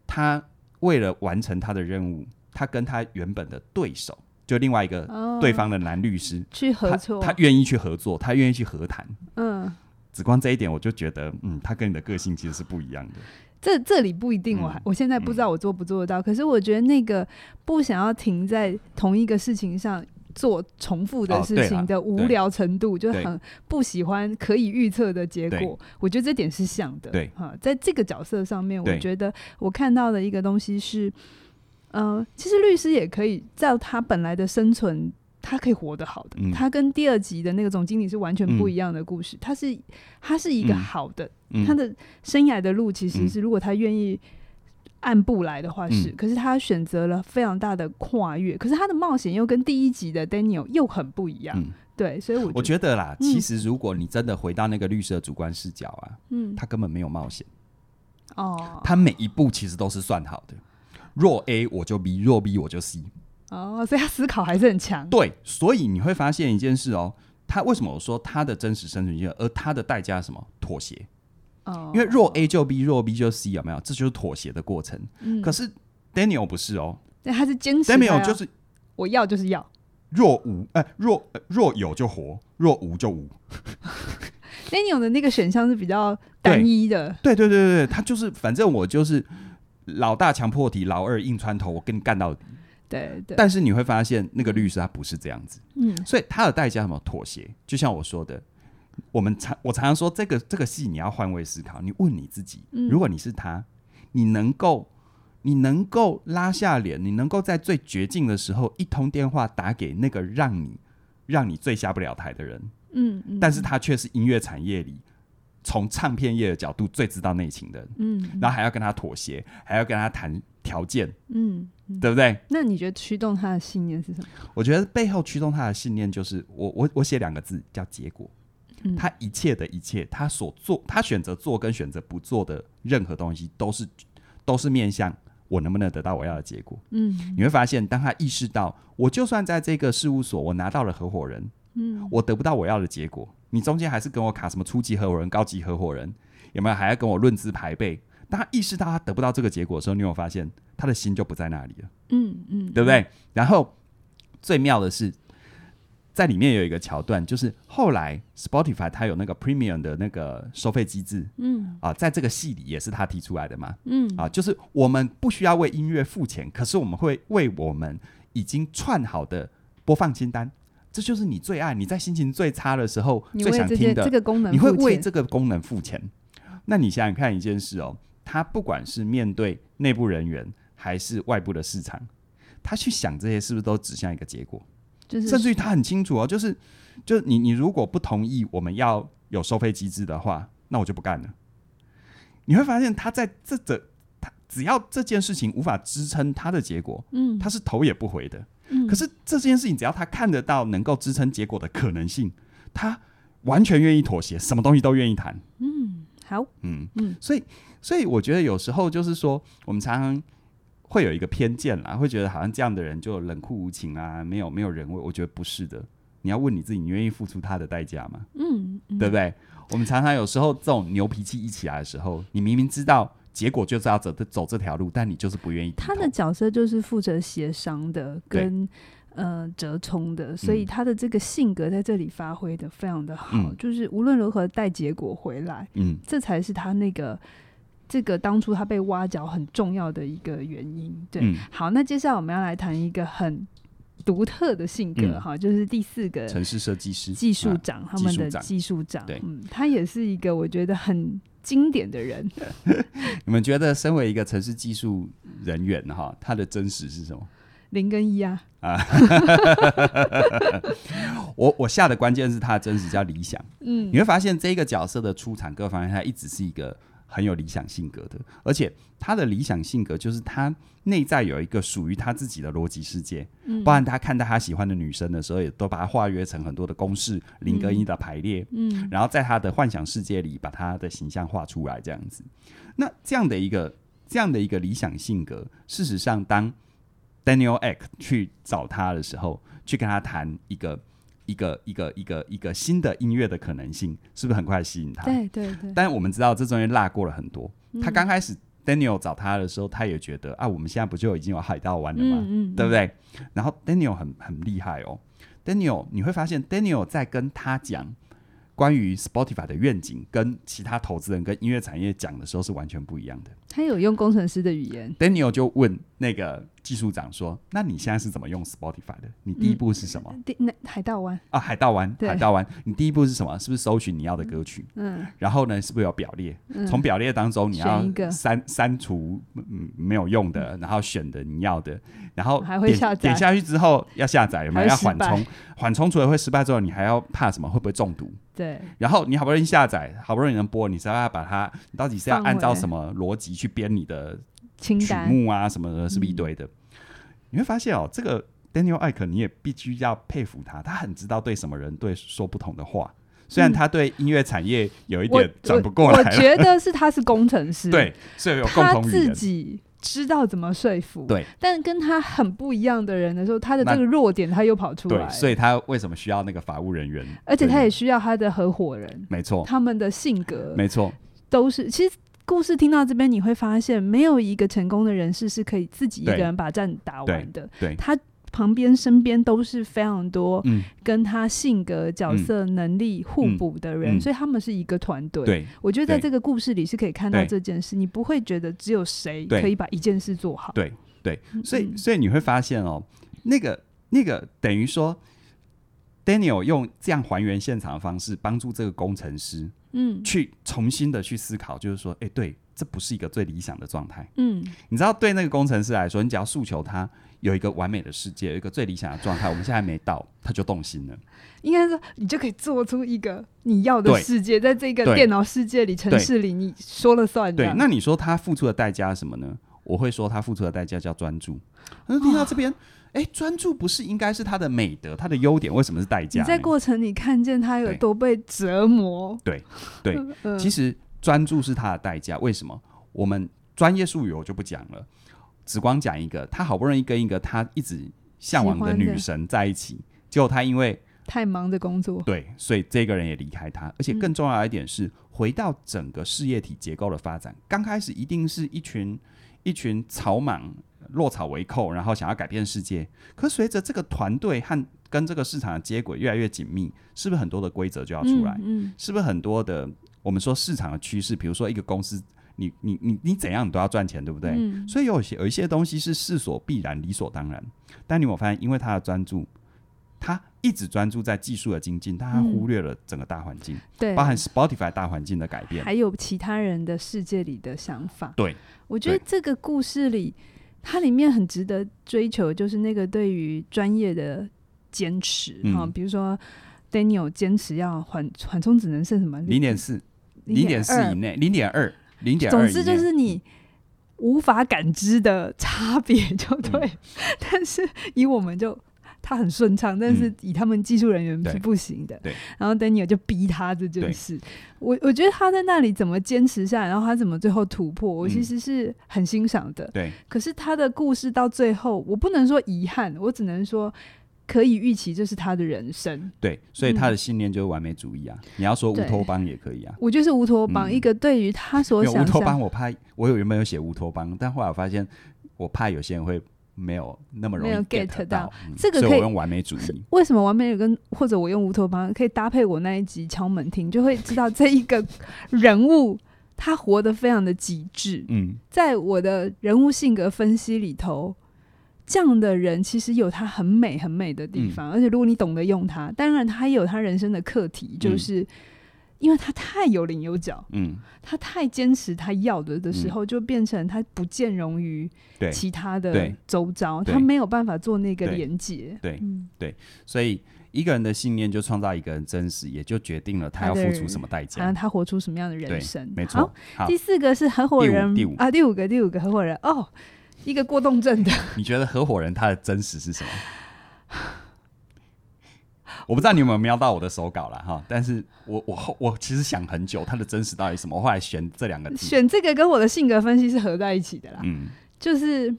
他為了完成他的任務，他跟他原本的對手，就另外一個對方的男律師、哦、去合作，他願意去合作，他願意去和談。嗯。只光這一點，我就覺得，嗯，他跟你的個性其實是不一樣的。這這裡不一定我還，我、嗯、我現在不知道我做不做得到、嗯嗯。可是我覺得那個不想要停在同一個事情上。做重複的事情的無聊程度、哦啊、就很不喜歡可以預測的結果，我覺得這點是像的。對，哈，在這個角色上面，我覺得我看到的一個東西是，嗯、呃，其實律師也可以照他本來的生存，他可以活得好的。嗯、他跟第二集的那個總經理是完全不一樣的故事，嗯、他是他是一個好的、嗯，他的生涯的路其實是如果他願意。按步來的話是，嗯、可是他選擇了非常大的跨越，可是他的冒險又跟第一集的 Daniel 又很不一樣，嗯、對，所以我覺得，我覺得啦、嗯，其實如果你真的回到那個綠色主觀視角啊，嗯，他根本沒有冒險，哦，他每一步其實都是算好的，若 A 我就 B，若 B 我就 C，哦，所以他思考還是很強，對，所以你會發現一件事哦，他為什麼我說他的真實生存技能而他的代價是什麼妥協？哦，因為若 A 就 B，若 B 就 C，有沒有？這就是妥協的過程、嗯。可是 Daniel 不是哦、喔，對，他是堅持。Daniel 就是我要就是要。若無哎、欸，若、呃、若有就活，若無就無。 (laughs) Daniel 的那個選項是比較單一的。對對對對，他就是反正我就是老大強迫體，老二硬穿頭，我跟你幹到底。對，對對。但是你會發現，那個律師他不是這樣子。嗯。所以他的代價有沒有？妥協，就像我說的。我們常我常我常常說、這個，這個這個戲你要換位思考，你問你自己，如果你是他，你能夠你能夠拉下臉，你能夠在最絕境的時候一通電話打給那個讓你讓你最下不了台的人，嗯，嗯，但是他卻是音樂產業裡從唱片業的角度最知道內情的人，嗯，然後還要跟他妥協，還要跟他談條件，嗯，嗯，對不對？那你覺得驅動他的信念是什麼？我覺得背後驅動他的信念就是我我我寫兩個字叫結果。嗯、他一切的一切，他所做，他選擇做跟選擇不做的任何東西，都是都是面向我能不能得到我要的結果。嗯，你會發現，當他意識到我就算在這個事務所，我拿到了合夥人，嗯，我得不到我要的結果，你中間還是跟我卡什麼初級合夥人、高級合夥人，有沒有還要跟我論資排輩？當他意識到他得不到這個結果的時候，你有發現他的心就不在那裡了。嗯嗯，對不對？嗯、然後最妙的是。在裡面有一個橋段，就是後來 Spotify 它有那個 Premium 的那個收費機制，嗯，啊，在這個戲裡也是他提出來的嘛，嗯，啊，就是我們不需要為音樂付錢，可是我們會為我們已經串好的播放清單，這就是你最愛你在心情最差的時候最想聽的這個功能付錢，你會為這個功能付錢。那你想想看一件事哦，他不管是面對內部人員還是外部的市場，他去想這些是不是都指向一個結果？甚至於他很清楚哦，就是，就是你、你如果不同意我們要有收費機制的話，那我就不幹了。你會發現他在這這，他只要這件事情無法支撐他的結果，嗯，他是頭也不回的，嗯。可是這件事情只要他看得到能夠支撐結果的可能性，他完全願意妥協，什麼東西都願意談。嗯，好，嗯嗯，所以所以我覺得有時候就是說，我們常常。會有一個偏見啦，會覺得好像這樣的人就冷酷無情啊，沒有沒有人味。我覺得不是的，你要問你自己，你願意付出他的代價嗎？嗯，嗯，對不對？我們常常有時候這種牛脾氣一起來的時候，你明明知道結果就是要走走這條路，但你就是不願意。他的角色就是負責協商的跟，跟呃折衝的，所以他的這個性格在這裡發揮的非常的好，嗯，就是無論如何帶結果回來，嗯，這才是他那個。這個當初他被挖角很重要的一個原因，對。嗯、好，那接下來我們要來談一個很獨特的性格、嗯、哈，就是第四個程式設計師,師技術長,、啊、長，他們的技術長，嗯，他也是一個我覺得很經典的人。 (laughs) 你們覺得身為一個程式技術人員哈，他的真實是什麼？零跟一啊啊！ (laughs) (laughs) 我我下的關鍵是他的真實叫理想，嗯，你會發現這個角色的出場各方面，他一直是一個。很有理想性格的，而且他的理想性格就是他內在有一個屬於他自己的邏輯世界，嗯，包含他看待他喜歡的女生的時候，也都把它化約成很多的公式、嗯、零跟一的排列，嗯，然後在他的幻想世界裡把他的形象畫出來這樣子。那這樣的一個這樣的一個理想性格，事實上，當 Daniel Ek 去找他的時候，去跟他談一個。一個一個一個一個新的音樂的可能性，是不是很快吸引他？對對對。但我們知道這中間落過了很多。嗯、他剛開始 Daniel 找他的時候，他也覺得啊，我們現在不就已經有海盜灣了嗎？嗯嗯嗯對不對？然後 Daniel 很很厲害哦。Daniel 你會發現，Daniel 在跟他講。關於 Spotify 的願景，跟其他投資人跟音樂產業講的時候是完全不一樣的。他有用工程師的語言。Daniel 就問那個技術長說：“那你現在是怎麼用 Spotify 的？你第一步是什麼？”嗯、第那海盜灣啊，海盜灣，海盜灣，你第一步是什麼？是不是搜尋你要的歌曲？嗯。然後呢，是不是有表列？從、嗯、表列當中你要刪、嗯、一個刪，刪除、嗯嗯、沒有用的，然後選的你要的，然後還會下載。點下去之後要下載有沒有？還要緩衝，緩衝除了會失敗之後，你還要怕什麼？會不會中毒？對，然後你好不容易下載，好不容易能播，你還要把它，你到底是要按照什麼邏輯去編你的曲目啊什麼的，清單？什麼是不是一堆的、嗯？你會發現哦，這個 Daniel Ek，你也必須要佩服他，他很知道對什麼人對說不同的話、嗯。雖然他對音樂產業有一點轉不過來，我我，我覺得是他是工程師， (laughs) 對，是有共同語言。知道怎麼說服，對，但跟他很不一樣的人的時候，他的這個弱點他又跑出來，所以他為什麼需要那個法務人員？而且他也需要他的合夥人，沒錯，他們的性格沒錯，都是。其實故事聽到這邊，你會發現沒有一個成功的人士是可以自己一個人把戰打完的，對，對他。旁邊身邊都是非常多跟他性格、角色、嗯、能力互補的人，嗯嗯，所以他們是一個團隊。對，我覺得在這個故事裡是可以看到這件事，你不會覺得只有誰可以把一件事做好。對對，對，所以所以你會發現哦、喔嗯，那個那個等於說，Daniel 用這樣還原現場的方式幫助這個工程師，嗯，去重新的去思考，就是說，哎、嗯欸，對，這不是一個最理想的狀態。嗯，你知道，對那個工程師來說，你只要訴求他。有一個完美的世界，有一個最理想的狀態，我們現在還沒到，他就動心了。應該說你就可以做出一個你要的世界，在這個電腦世界裡、城市裡，你說了算是不是？對，那你說他付出的代價是什麼呢？我會說他付出的代價叫專注。那聽到這邊，哎、啊，欸、專注不是應該是他的美德、他的優點？為什麼是代價？你在過程裡看見他有多被折磨。對對、 (laughs) 嗯，其實專注是他的代價。為什麼？我們專業術語我就不講了。只光講一個，他好不容易跟一個他一直嚮往的女神在一起，結果他因為太忙着工作，對，所以這個人也離開他。而且更重要的一點是，嗯，回到整個事業體結構的發展，剛開始一定是一群一群草莽落草為寇，然後想要改變世界。可隨着這個團隊和跟這個市場的接軌越來越緊密，是不是很多的規則就要出來？嗯，嗯，是不是很多的我們說市場的趨勢，比如說一個公司。你你你你怎樣你都要賺錢，對不對？嗯、所以有些有一些東西是勢所必然、理所當然。但你有沒有發現，因為他的專注，他一直專注在技術的精進，但他忽略了整個大環境、嗯，對，包含 Spotify 大環境的改變，還有其他人的世界裡的想法。對，我覺得這個故事裡，它裡面很值得追求，就是那個對於專業的堅持啊、嗯，比如說 Daniel 堅持要緩緩衝只能是什麼零點四、零點四以內、零點二。總之就是你無法感知的差別，就對、嗯。但是以我們就他很順暢、嗯，但是以他們技術人員是不行的。然後丹尼爾就逼他這件事，這就是我。我覺得他在那裡怎麼堅持下來，然後他怎麼最後突破，我其實是很欣賞的、嗯。可是他的故事到最後，我不能說遺憾，我只能說。可以預期，這是他的人生。對，所以他的信念就是完美主義啊。嗯、你要說烏托邦也可以啊。我就是烏托邦、嗯、一個，對於他所想，烏托邦我怕我有原本有寫烏托邦，但後來我發現我怕有些人會沒有那麼容易 get 到，get 到、嗯、這個，所以我用完美主義。為什麼完美有跟或者我用烏托邦可以搭配我那一集敲門聽，就會知道這一個人物 (laughs) 他活得非常的極致。嗯，在我的人物性格分析裡頭。這樣的人其實有他很美很美的地方、嗯，而且如果你懂得用他，當然他也有他人生的課題、嗯，就是因為他太有稜有角，嗯，他太堅持他要的的時候，嗯、就變成他不見容於其他的周遭，他沒有辦法做那個連接。對對,對,、嗯、對，所以一個人的信念就創造一個人真實，也就決定了他要付出什麼代價，啊啊、他活出什麼樣的人生。沒錯。好，第四個是合夥人，第五,第五啊，第五個第五個合夥人哦。一個過動症的 (laughs) ，你覺得合夥人他的真實是什麼？ (laughs) 我不知道你有沒有瞄到我的手稿了哈，但是我我我其實想很久他的真實到底什麼，我後來選這兩個，選這個跟我的性格分析是合在一起的啦，嗯，就是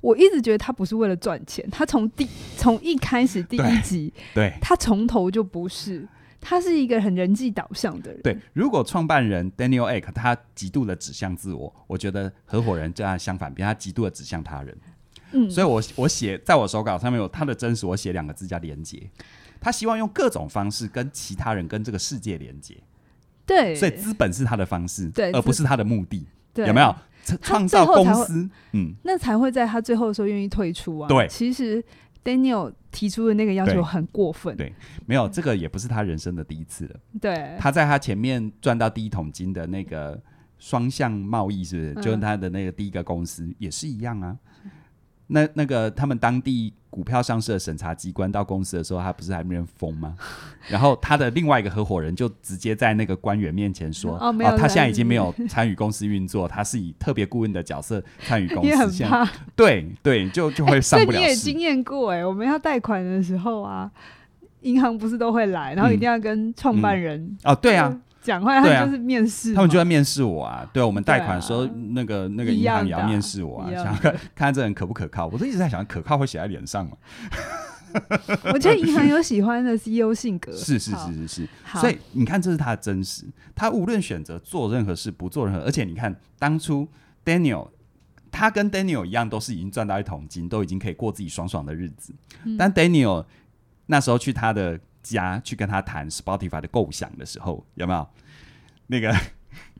我一直覺得他不是為了賺錢，他從第從一開始第一集，對，對他從頭就不是。他是一個很人際導向的人。對，如果創辦人 Daniel Ek 他極度的指向自我，我覺得合夥人這樣相反，比他極度的指向他人。嗯，所以我我寫在我手稿上面有他的真實，我寫兩個字叫連接。他希望用各種方式跟其他人、跟這個世界連接。對，所以資本是他的方式，對，而不是他的目的。對，有沒有？創造公司，嗯，那才會在他最後的時候願意退出啊。對，其實。Daniel 提出的那個要求很過分。對，對，沒有，這個也不是他人生的第一次了。嗯、對，他在他前面賺到第一桶金的那個雙向貿易，是不是？嗯、就是、他的那個第一個公司也是一樣啊。那那個他們當地股票上市的審查機關到公司的時候，他不是還沒人封嗎？ (laughs) 然後他的另外一個合夥人就直接在那個官員面前說：“哦，啊、沒有，他現在已經沒有參與公司運作， (laughs) 他是以特別顧問的角色參與公司。”很怕。對對，就就會上不了市。所以你也經驗過誒、欸，我們要貸款的時候啊，銀行不是都會來，然後一定要跟創辦人、嗯嗯、哦，對啊。嗯講話他就是面試、啊，他們就在面試我啊。對我們貸款的時候，啊、那個那個銀行也要面試我啊，想看看這人可不可靠。我一直在想，可靠會寫在臉上嗎？ (laughs) 我覺得銀行有喜歡的 CEO 性格是，是是是是是。所以你看，這是他的真實。他無論選擇做任何事，不做任何。而且你看，當初 Daniel 他跟 Daniel 一樣，都是已經賺到一桶金，都已經可以過自己爽爽的日子。嗯、但 Daniel 那時候去他的。家去跟他談 Spotify 的構想的時候，有沒有？那個、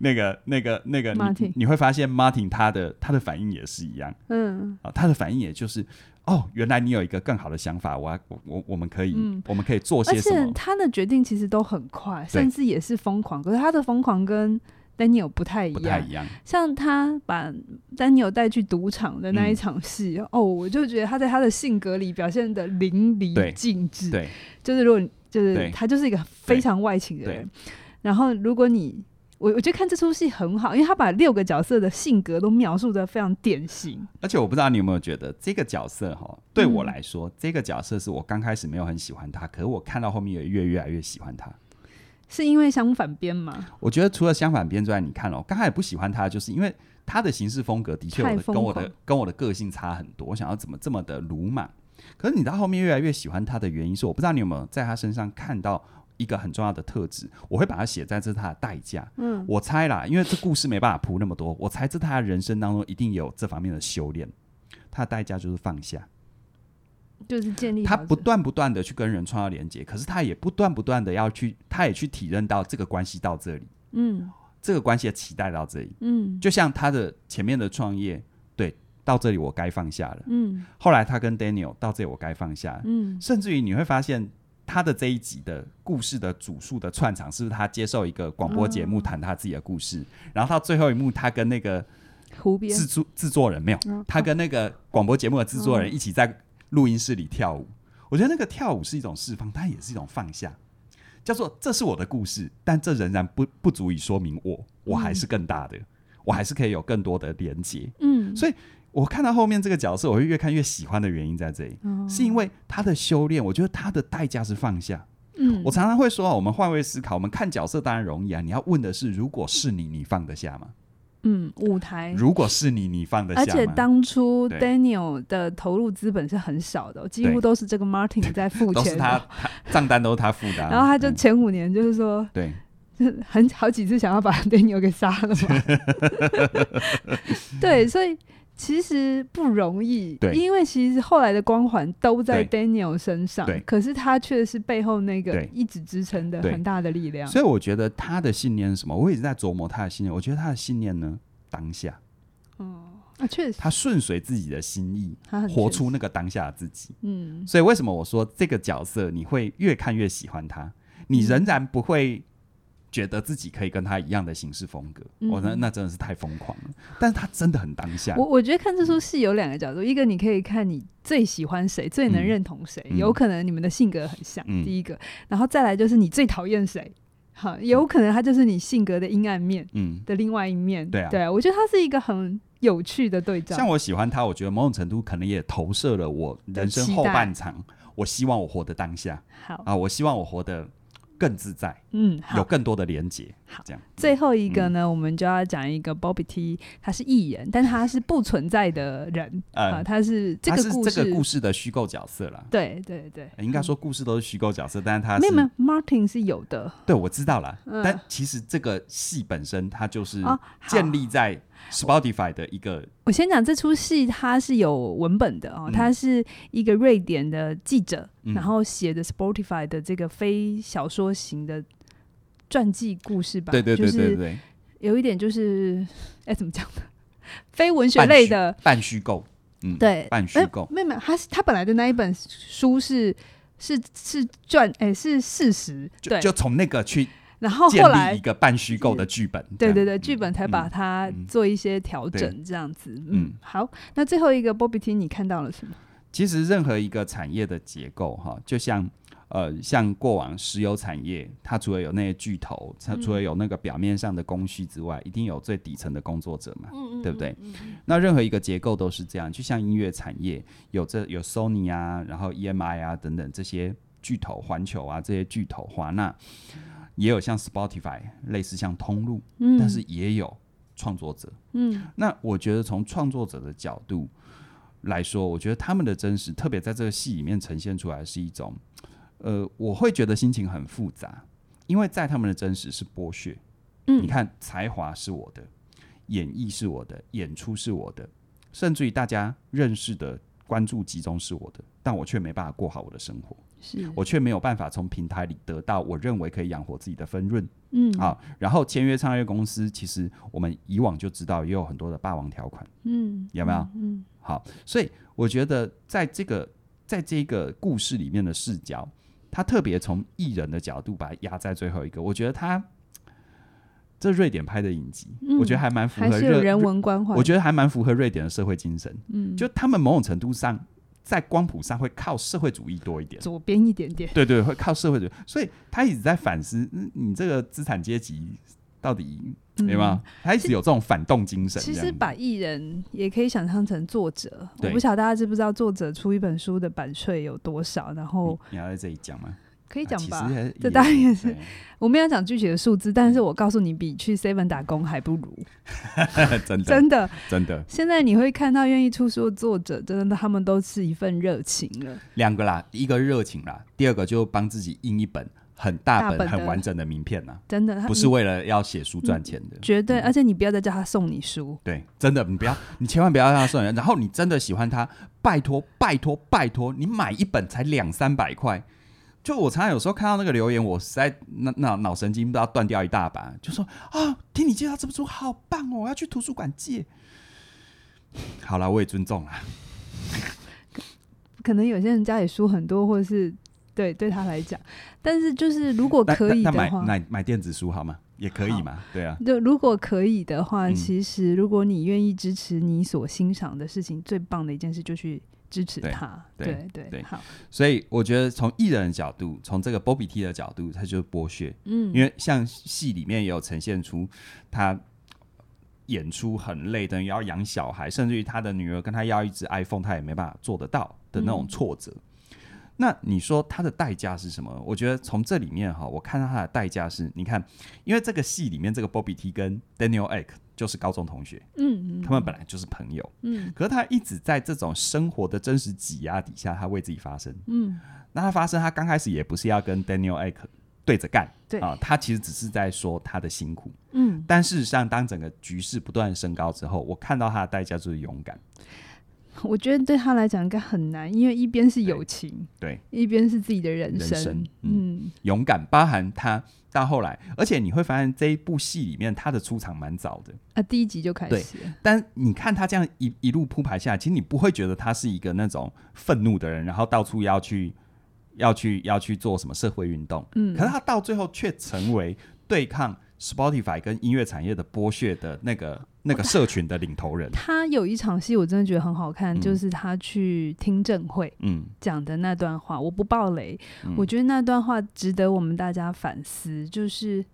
那個、那個、那個， (laughs) 你，你會發現 Martin 他的他的反應也是一樣，嗯啊，他的反應也就是哦，原來你有一個更好的想法，我我我我們可以、嗯，我們可以做些什麼？而且他的決定其實都很快，甚至也是瘋狂，可是他的瘋狂跟。丹尼爾不太一樣，像他把丹尼爾帶去賭場的那一場戲、嗯，哦，我就覺得他在他的性格裡表現得淋漓盡致對。對，就是如果你就是他就是一個非常外傾的人。然後如果你我我覺得看這出戲很好，因為他把六個角色的性格都描述得非常典型。而且我不知道你有沒有覺得這個角色哈，對我來說、嗯、這個角色是我剛開始沒有很喜歡他，可是我看到後面也越來越來越喜歡他。是因為相反邊嗎？我覺得除了相反邊之外，你看哦、喔，剛開始不喜歡他，就是因為他的行事風格的確跟我的跟我的個性差很多。我想要怎麼這麼的魯莽？可是你到後面越來越喜歡他的原因是，是我不知道你有沒有在他身上看到一個很重要的特質。我會把它寫在這是他的代價。嗯，我猜啦，因為這故事沒辦法鋪那麼多，我猜這他人生當中一定有這方面的修煉。他的代價就是放下。就是建立他不斷不斷的去跟人創造連接，可是他也不斷不斷的要去，他也去體認到這個關係到這裡，嗯，這個關係的期待到這裡，嗯，就像他的前面的創業，對，到這裡我該放下了，嗯，後來他跟 Daniel 到這裡我該放下了，嗯，甚至於你會發現他的這一集的故事的主述的串場，是不是他接受一個廣播節目談他自己的故事，哦，然後到最後一幕，他跟那個湖邊製作製作人沒有，他跟那個廣播節目的製作人一起在，哦。錄音室裡跳舞，我覺得那個跳舞是一種釋放，但也是一種放下。叫做這是我的故事，但這仍然不不足以說明我，我還是更大的，嗯、我還是可以有更多的連接。嗯，所以我看到後面這個角色，我會越看越喜歡的原因在這裡，哦、是因為他的修煉，我覺得他的代價是放下。嗯，我常常會說，我們換位思考，我們看角色當然容易啊，你要問的是，如果是你，你放得下嗎？嗯，舞臺。如果是你，你放得下。而且當初 Daniel 的投入資本是很少的，幾乎都是這個 Martin 在付錢的，他賬 (laughs) 單都是他負擔。 (laughs) 然後他就前五年就是說，對，就很好幾次想要把 Daniel 給殺了嘛。 (laughs) (laughs) (laughs) 對，所以。其實不容易，對，因為其實後來的光環都在 Daniel 身上，對，可是他卻是背後那個一直支撐的很大的力量。所以我覺得他的信念是什麼？我一直在琢磨他的信念。我覺得他的信念呢，當下，哦，那、啊、確實，他順隨自己的心意，他很活出那個當下的自己，嗯。所以為什麼我說這個角色你會越看越喜歡他？你仍然不會、嗯。覺得自己可以跟他一樣的行事風格，我、嗯、那、哦、那真的是太瘋狂了。但是他真的很當下。我我覺得看這出戲有兩個角度、嗯，一個你可以看你最喜歡誰，最能認同誰、嗯，有可能你們的性格很像、嗯。第一個，然後再來就是你最討厭誰，好、嗯啊，有可能他就是你性格的陰暗面，嗯的另外一面。對啊，對啊我覺得他是一個很有趣的對照。像我喜歡他，我覺得某種程度可能也投射了我人生後半場，我希望我活得當下。好啊，我希望我活得。更自在，嗯，有更多的連接，好，這樣最後一個呢，嗯、我們就要講一個 Bobby T，他是藝人，嗯、但是他是不存在的人、嗯，啊，他是這個故事，這個故事的虛構角色啦，對對對，應該說故事都是虛構角色、嗯、虛構角色，但是他是沒有沒有 Martin 是有的，對我知道了、嗯，但其實這個戲本身它就是建立在、哦。Spotify 的一個我，我先講這出戲，它是有文本的哦、嗯，它是一個瑞典的記者，嗯、然後寫的 Spotify 的這個非小說型的傳記故事吧，對對對對對，對，對，就是、有一點就是，哎、欸，怎麼講呢？非文學類的，半虛構，嗯，對，半虛構，沒、欸、沒，沒他是他本來的那一本書是是是傳，哎、欸，是事實，就對，就從那個去。然後後來建立一個半虛構的劇本，對對對、嗯，劇本才把它做一些調整、嗯，這樣子。嗯，好，那最後一個 Bobby T，你看到了什麼？其實任何一個產業的結構哈，就像呃，像過往石油產業，它除了有那些巨頭，它除了有那個表面上的工序之外，嗯、一定有最底層的工作者嘛，嗯，嗯嗯，對不對？那任何一個結構都是這樣，就像音樂產業，有這有 Sony 啊，然後 EMI 啊等等這些巨頭，環球啊這些巨頭，華納。也有像 Spotify 類似像通路，嗯、但是也有創作者。嗯，那我覺得從創作者的角度來說，我覺得他們的真實，特別在這個戲裡面呈現出來是一種，呃，我會覺得心情很複雜，因為在他們的真實是剝削、嗯。你看才華是我的，演繹是我的，演出是我的，甚至於大家認識的關注集中是我的，但我卻沒辦法過好我的生活。我卻沒有辦法從平台裡得到我認為可以養活自己的分潤，嗯，好，然後簽約唱片公司，其實我們以往就知道也有很多的霸王條款，嗯，有沒有嗯？嗯，好，所以我覺得在這個在這個故事裡面的視角，他特別從藝人的角度把它壓在最後一個，我覺得他這瑞典拍的影集，我覺得還蠻符合人文關懷，我覺得還蠻符，符合瑞典的社會精神，嗯，就他們某種程度上。在光譜上會靠社會主義多一點，左邊一點點。對對，會靠社會主義，所以他一直在反思，你這個資產階級到底對嗎？他一直有這種反動精神。其實，把藝人也可以想象成作者。我不曉得大家知不知道，作者出一本書的版稅有多少？然後你要在這裡講嗎？可以講吧，啊、這當然也是。我沒有講具體的數字，但是我告訴你，比去 Seven 打工還不如。 (laughs) 真的， (laughs) 真的，真的。現在你會看到願意出書的作者，真的他們都是一份熱情了。兩個啦，第一個熱情啦，第二個就幫自己印一本很大本，大本、很完整的名片啦。真的，不是為了要寫書賺錢的。絕對、嗯，而且你不要再叫他送你書。對，真的，你不要， (laughs) 你千萬不要讓他送人。然後你真的喜歡他，拜託，拜託，拜託，你買一本才兩三百塊。就我常常有時候看到那個留言，我在那那腦神經都要斷掉一大把，就說啊，聽你介紹這本書好棒哦，我要去圖書館借。好了，我也尊重了。可能有些人家裡書很多，或者是對對他來講，但是就是如果可以的話，那那那買那買電子書好嗎？也可以嘛，對啊。就如果可以的話，其實如果你願意支持你所欣賞的事情，嗯，最棒的一件事就去。支持他，對對對,對，好。所以我覺得從藝人的角度，從這個 Bobby T 的角度，他就是剝削，嗯，因為像戲裡面也有呈現出他演出很累，等於要養小孩，甚至於他的女兒跟他要一只 iPhone，他也沒辦法做得到的那種挫折。嗯，那你說他的代價是什麼？我覺得從這裡面哈，我看到他的代價是你看，因為這個戲裡面這個 Bobby T 跟 Daniel Egg。就是高中同學，嗯嗯，他們本來就是朋友，嗯，可是他一直在這種生活的真實擠壓底下，他為自己發聲，嗯，那他發聲，他剛開始也不是要跟 Daniel Ek 對着幹，對啊，他其實只是在說他的辛苦，嗯，但事實上，當整個局勢不斷升高之後，我看到他的代價就是勇敢。我覺得對他來講，應該很難，因為一邊是友情，對，對，一邊是自己的人生，人生，嗯，嗯，勇敢包含他。到後來，而且你會發現這一部戲裡面他的出場蠻早的啊，第一集就開始，對。但你看他這樣一一路鋪排下來，其實你不會覺得他是一個那種憤怒的人，然後到處要去要去要去做什麼社會運動。嗯，可是他到最後卻成為對抗 Spotify 跟音樂產業的剝削的那個。那個社群的領頭人，他，他有一場戲我真的覺得很好看，嗯、就是他去聽證會，嗯，講的那段話，嗯、我不爆雷、嗯，我覺得那段話值得我們大家反思。就是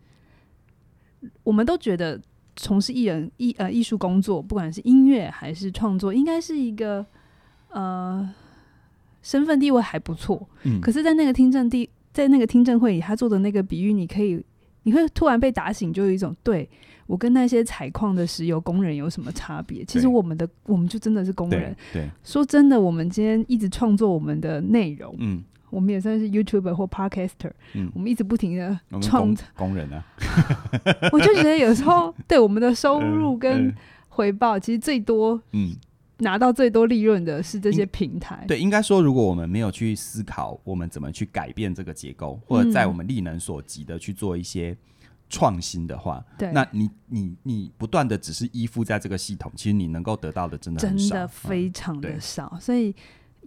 我們都覺得從事藝人藝呃藝術工作，不管是音樂還是創作，應該是一個呃身份地位還不錯、嗯。可是，在那個聽證地，在那個聽證會裡，他做的那個比喻，你可以。你會突然被打醒，就有一種對，我跟那些採礦的石油工人有什麼差別？其實我們的我們就真的是工人對。對，說真的，我們今天一直創作我們的內容，嗯，我們也算是 YouTuber 或 Podcaster，嗯，我們一直不停地創工，工人啊， (laughs) (laughs) 我就覺得有時候對我們的收入跟回報、嗯嗯、其實最多，嗯。拿到最多利潤的是這些平台。對，應該說，如果我們沒有去思考我們怎麼去改變這個結構，嗯、或者在我們力能所及的去做一些創新的話，對，那你你你不斷的只是依附在這個系統，其實你能夠得到的真的很少，真的非常的少，嗯、所以。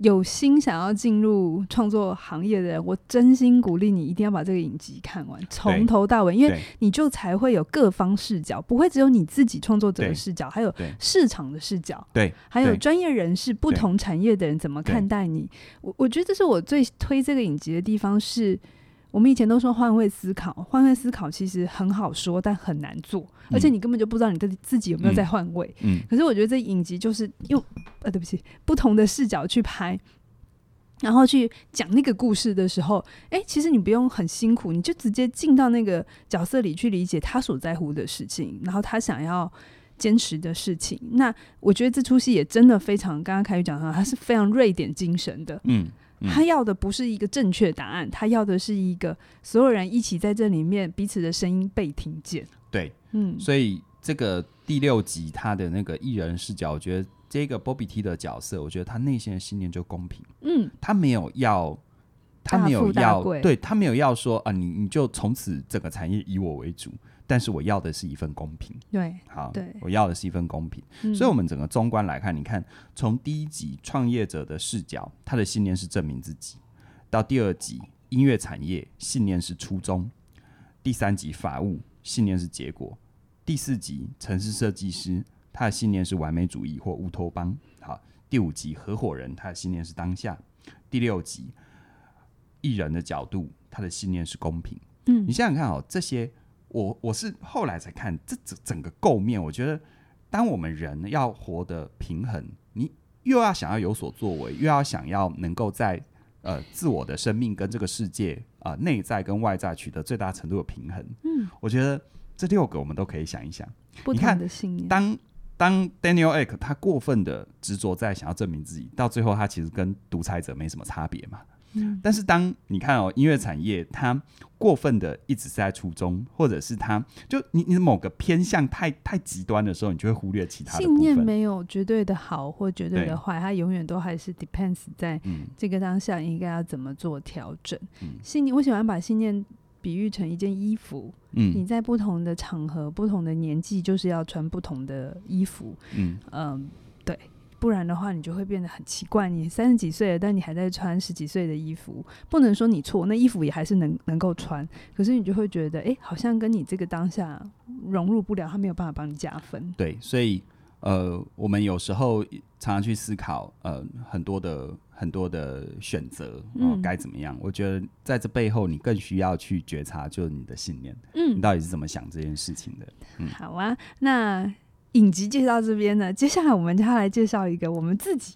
有心想要進入創作行業的人，我真心鼓勵你一定要把這個影集看完，從頭到尾，因為你就才會有各方視角，不會只有你自己創作者的視角，還有市場的視角，對，還有專業人士不同產業的人怎麼看待你。我我覺得這是我最推這個影集的地方是。我們以前都說換位思考，換位思考其實很好說，但很難做，嗯、而且你根本就不知道你自自己有沒有在換位、嗯嗯。可是我覺得這影集就是用，呃，對不起，不同的視角去拍，然後去講那個故事的時候，哎、欸，其實你不用很辛苦，你就直接進到那個角色裡去理解他所在乎的事情，然後他想要堅持的事情。那我覺得這出戲也真的非常，剛剛凱宇講他，他是非常瑞典精神的。嗯。他要的不是一個正確答案，嗯，他要的是一個所有人一起在這裡面彼此的聲音被聽見。對，嗯，所以這個第六集他的那個藝人視角，我覺得這個 Bobby T 的角色，我覺得他內心的信念就公平。嗯，他沒有要，他沒有要，大大，對，他沒有要說啊，你你就從此整個產業以我為主。但是我要的是一份公平，對，好，對，我要的是一份公平。所以，我們整個中觀來看，嗯、你看，從第一集創業者的視角，他的信念是證明自己；到第二集音樂產業，信念是初衷；第三集法務，信念是結果；第四集程式設計師，他的信念是完美主義或烏托邦；好，第五集合夥人，他的信念是當下；第六集藝人的角度，他的信念是公平。嗯，你想想看哦，這些。我我是後來才看這整整個構面，我覺得當我們人要活得平衡，你又要想要有所作為，又要想要能夠在呃自我的生命跟這個世界啊內在跟外在取得最大程度的平衡，嗯，我覺得這六個我們都可以想一想。不同的信念。你看。當當 Daniel Ek 他過分的執着在想要證明自己，到最後他其實跟獨裁者沒什麼差別嘛。但是，當你看哦，音樂產業它過分的一直在初衷，或者是它就你你某個偏向太太極端的時候，你就會忽略其他的。信念沒有絕對的好或絕對的壞，它永遠都還是 depends 在這個當下應該要怎麼做調整。嗯、信念，我喜歡把信念比喻成一件衣服，嗯，你在不同的場合、不同的年紀，就是要穿不同的衣服。嗯嗯，對。不然的話，你就會變得很奇怪。你三十幾歲了，但你還在穿十幾歲的衣服，不能說你錯，那衣服也還是能能夠穿。可是你就會覺得，哎、欸，好像跟你這個當下融入不了，他沒有辦法幫你加分。對，所以呃，我們有時候常常去思考，呃，很多的很多的選擇，然後該怎麼樣、嗯？我覺得在這背後，你更需要去覺察，就是你的信念，嗯，你到底是怎麼想這件事情的？嗯，好啊，那。影集介紹這邊呢，接下來我們就要來介紹一個我們自己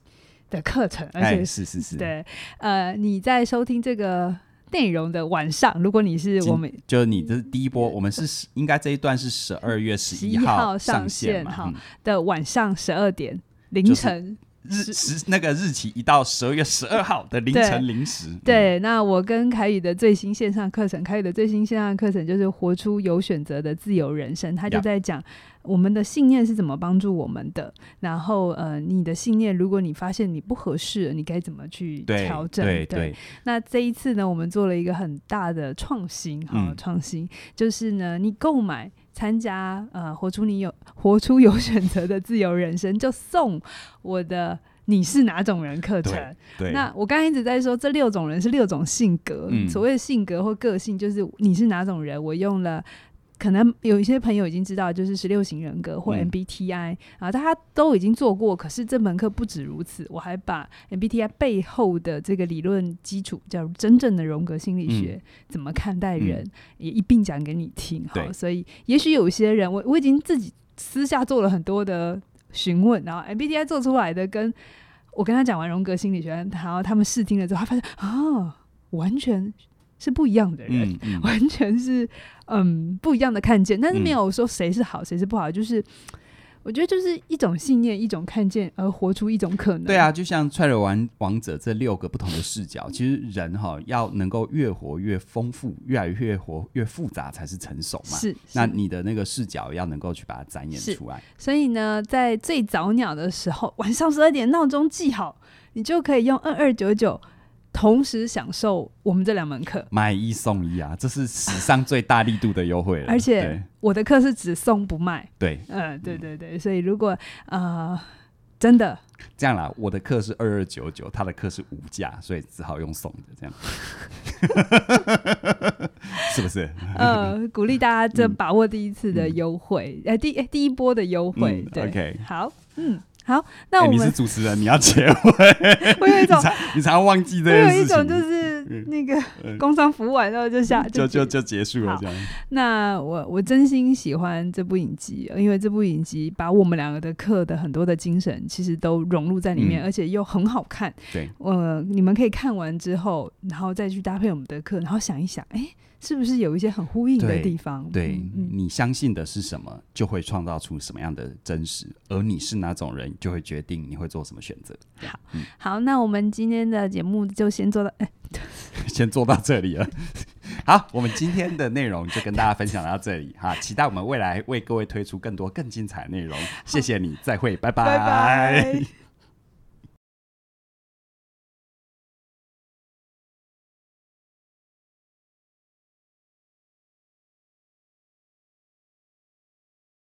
的課程，而且、哎、是是是對，呃，你在收聽這個內容的晚上，如果你是我們，就是你的第一波，嗯、我們是應該這一段是十二月十一號上線哈、嗯、的晚上十二點凌晨、就是、日十，那個日期一到十二月十二號的凌晨零時，對，嗯、對，那我跟凱宇的最新線上課程，凱宇的最新線上課程就是活出有選擇的自由人生，他就在講。Yeah. 我們的信念是怎麼幫助我們的？然後，呃，你的信念，如果你發現你不合適，你該怎麼去調整對對對？對，那這一次呢，我們做了一個很大的創新，哈、嗯，創新，就是呢，你購買參加呃“活出你有活出有選擇的自由人生”，就送我的“你是哪種人”課程對對。那我剛才一直在說，這六種人是六種性格，嗯、所謂的性格或個性，就是你是哪種人。我用了。可能有一些朋友已經知道，就是十六型人格或 MBTI、嗯、啊，大家都已經做過。可是這門課不止如此，我還把 MBTI 背後的這個理論基礎，叫真正的榮格心理學、嗯，怎麼看待人，嗯、也一併講給你聽。好，所以也許有些人，我我已經自己私下做了很多的詢問，然後 MBTI 做出來的跟，跟我跟他講完榮格心理學，然後他們試聽了之後，他發現啊，完全。是不一樣的人，嗯嗯、完全是嗯不一樣的看見，但是沒有說誰是好誰是不好，嗯、就是我覺得就是一種信念，一種看見而活出一種可能。對啊，就像《串流王者》這六個不同的視角， (laughs) 其實人齁要能夠越活越豐富，越來越活越複雜才是成熟嘛。是，是那你的那個視角要能夠去把它展演出來。所以呢，在最早鳥的時候，晚上十二點鬧鐘記好，你就可以用二二九九。同時享受我們這兩門課，買一送一啊！這是史上最大力度的優惠了。 (laughs) 而且我的課是只送不賣。對，嗯、呃，對對對，所以如果、嗯呃、真的這樣啦，我的課是二二九九，他的課是無價，所以只好用送的這樣。 (laughs) (laughs) 是不是？呃鼓勵大家就把握第一次的優惠，嗯呃、第一、欸、第一波的優惠。嗯、OK，好，嗯。好，那我們、欸、你是主持人，你要結尾。 (laughs) 我有一種，你才會忘記這些事情。我有一種就是那個工商服務完後就下，就就就，就結束了這樣。那我我真心喜歡這部影集，因為這部影集把我們兩個的課的很多的精神其實都融入在裡面，嗯、而且又很好看。對，我、呃，你們可以看完之後，然後再去搭配我們的課，然後想一想，誒、欸。是不是有一些很呼應的地方？對，對、嗯、你相信的是什麼，就會創造出什麼樣的真實，嗯、而你是哪種人，就會決定你會做什麼選擇。好、嗯、好，那我們今天的節目就先做到、哎，先做到這裡了。 (laughs) 好，我們今天的內容就跟大家分享到這裡 (laughs) 哈，期待我們未來為各位推出更多更精彩的內容。謝謝你，再會， (laughs) 拜拜。 (laughs)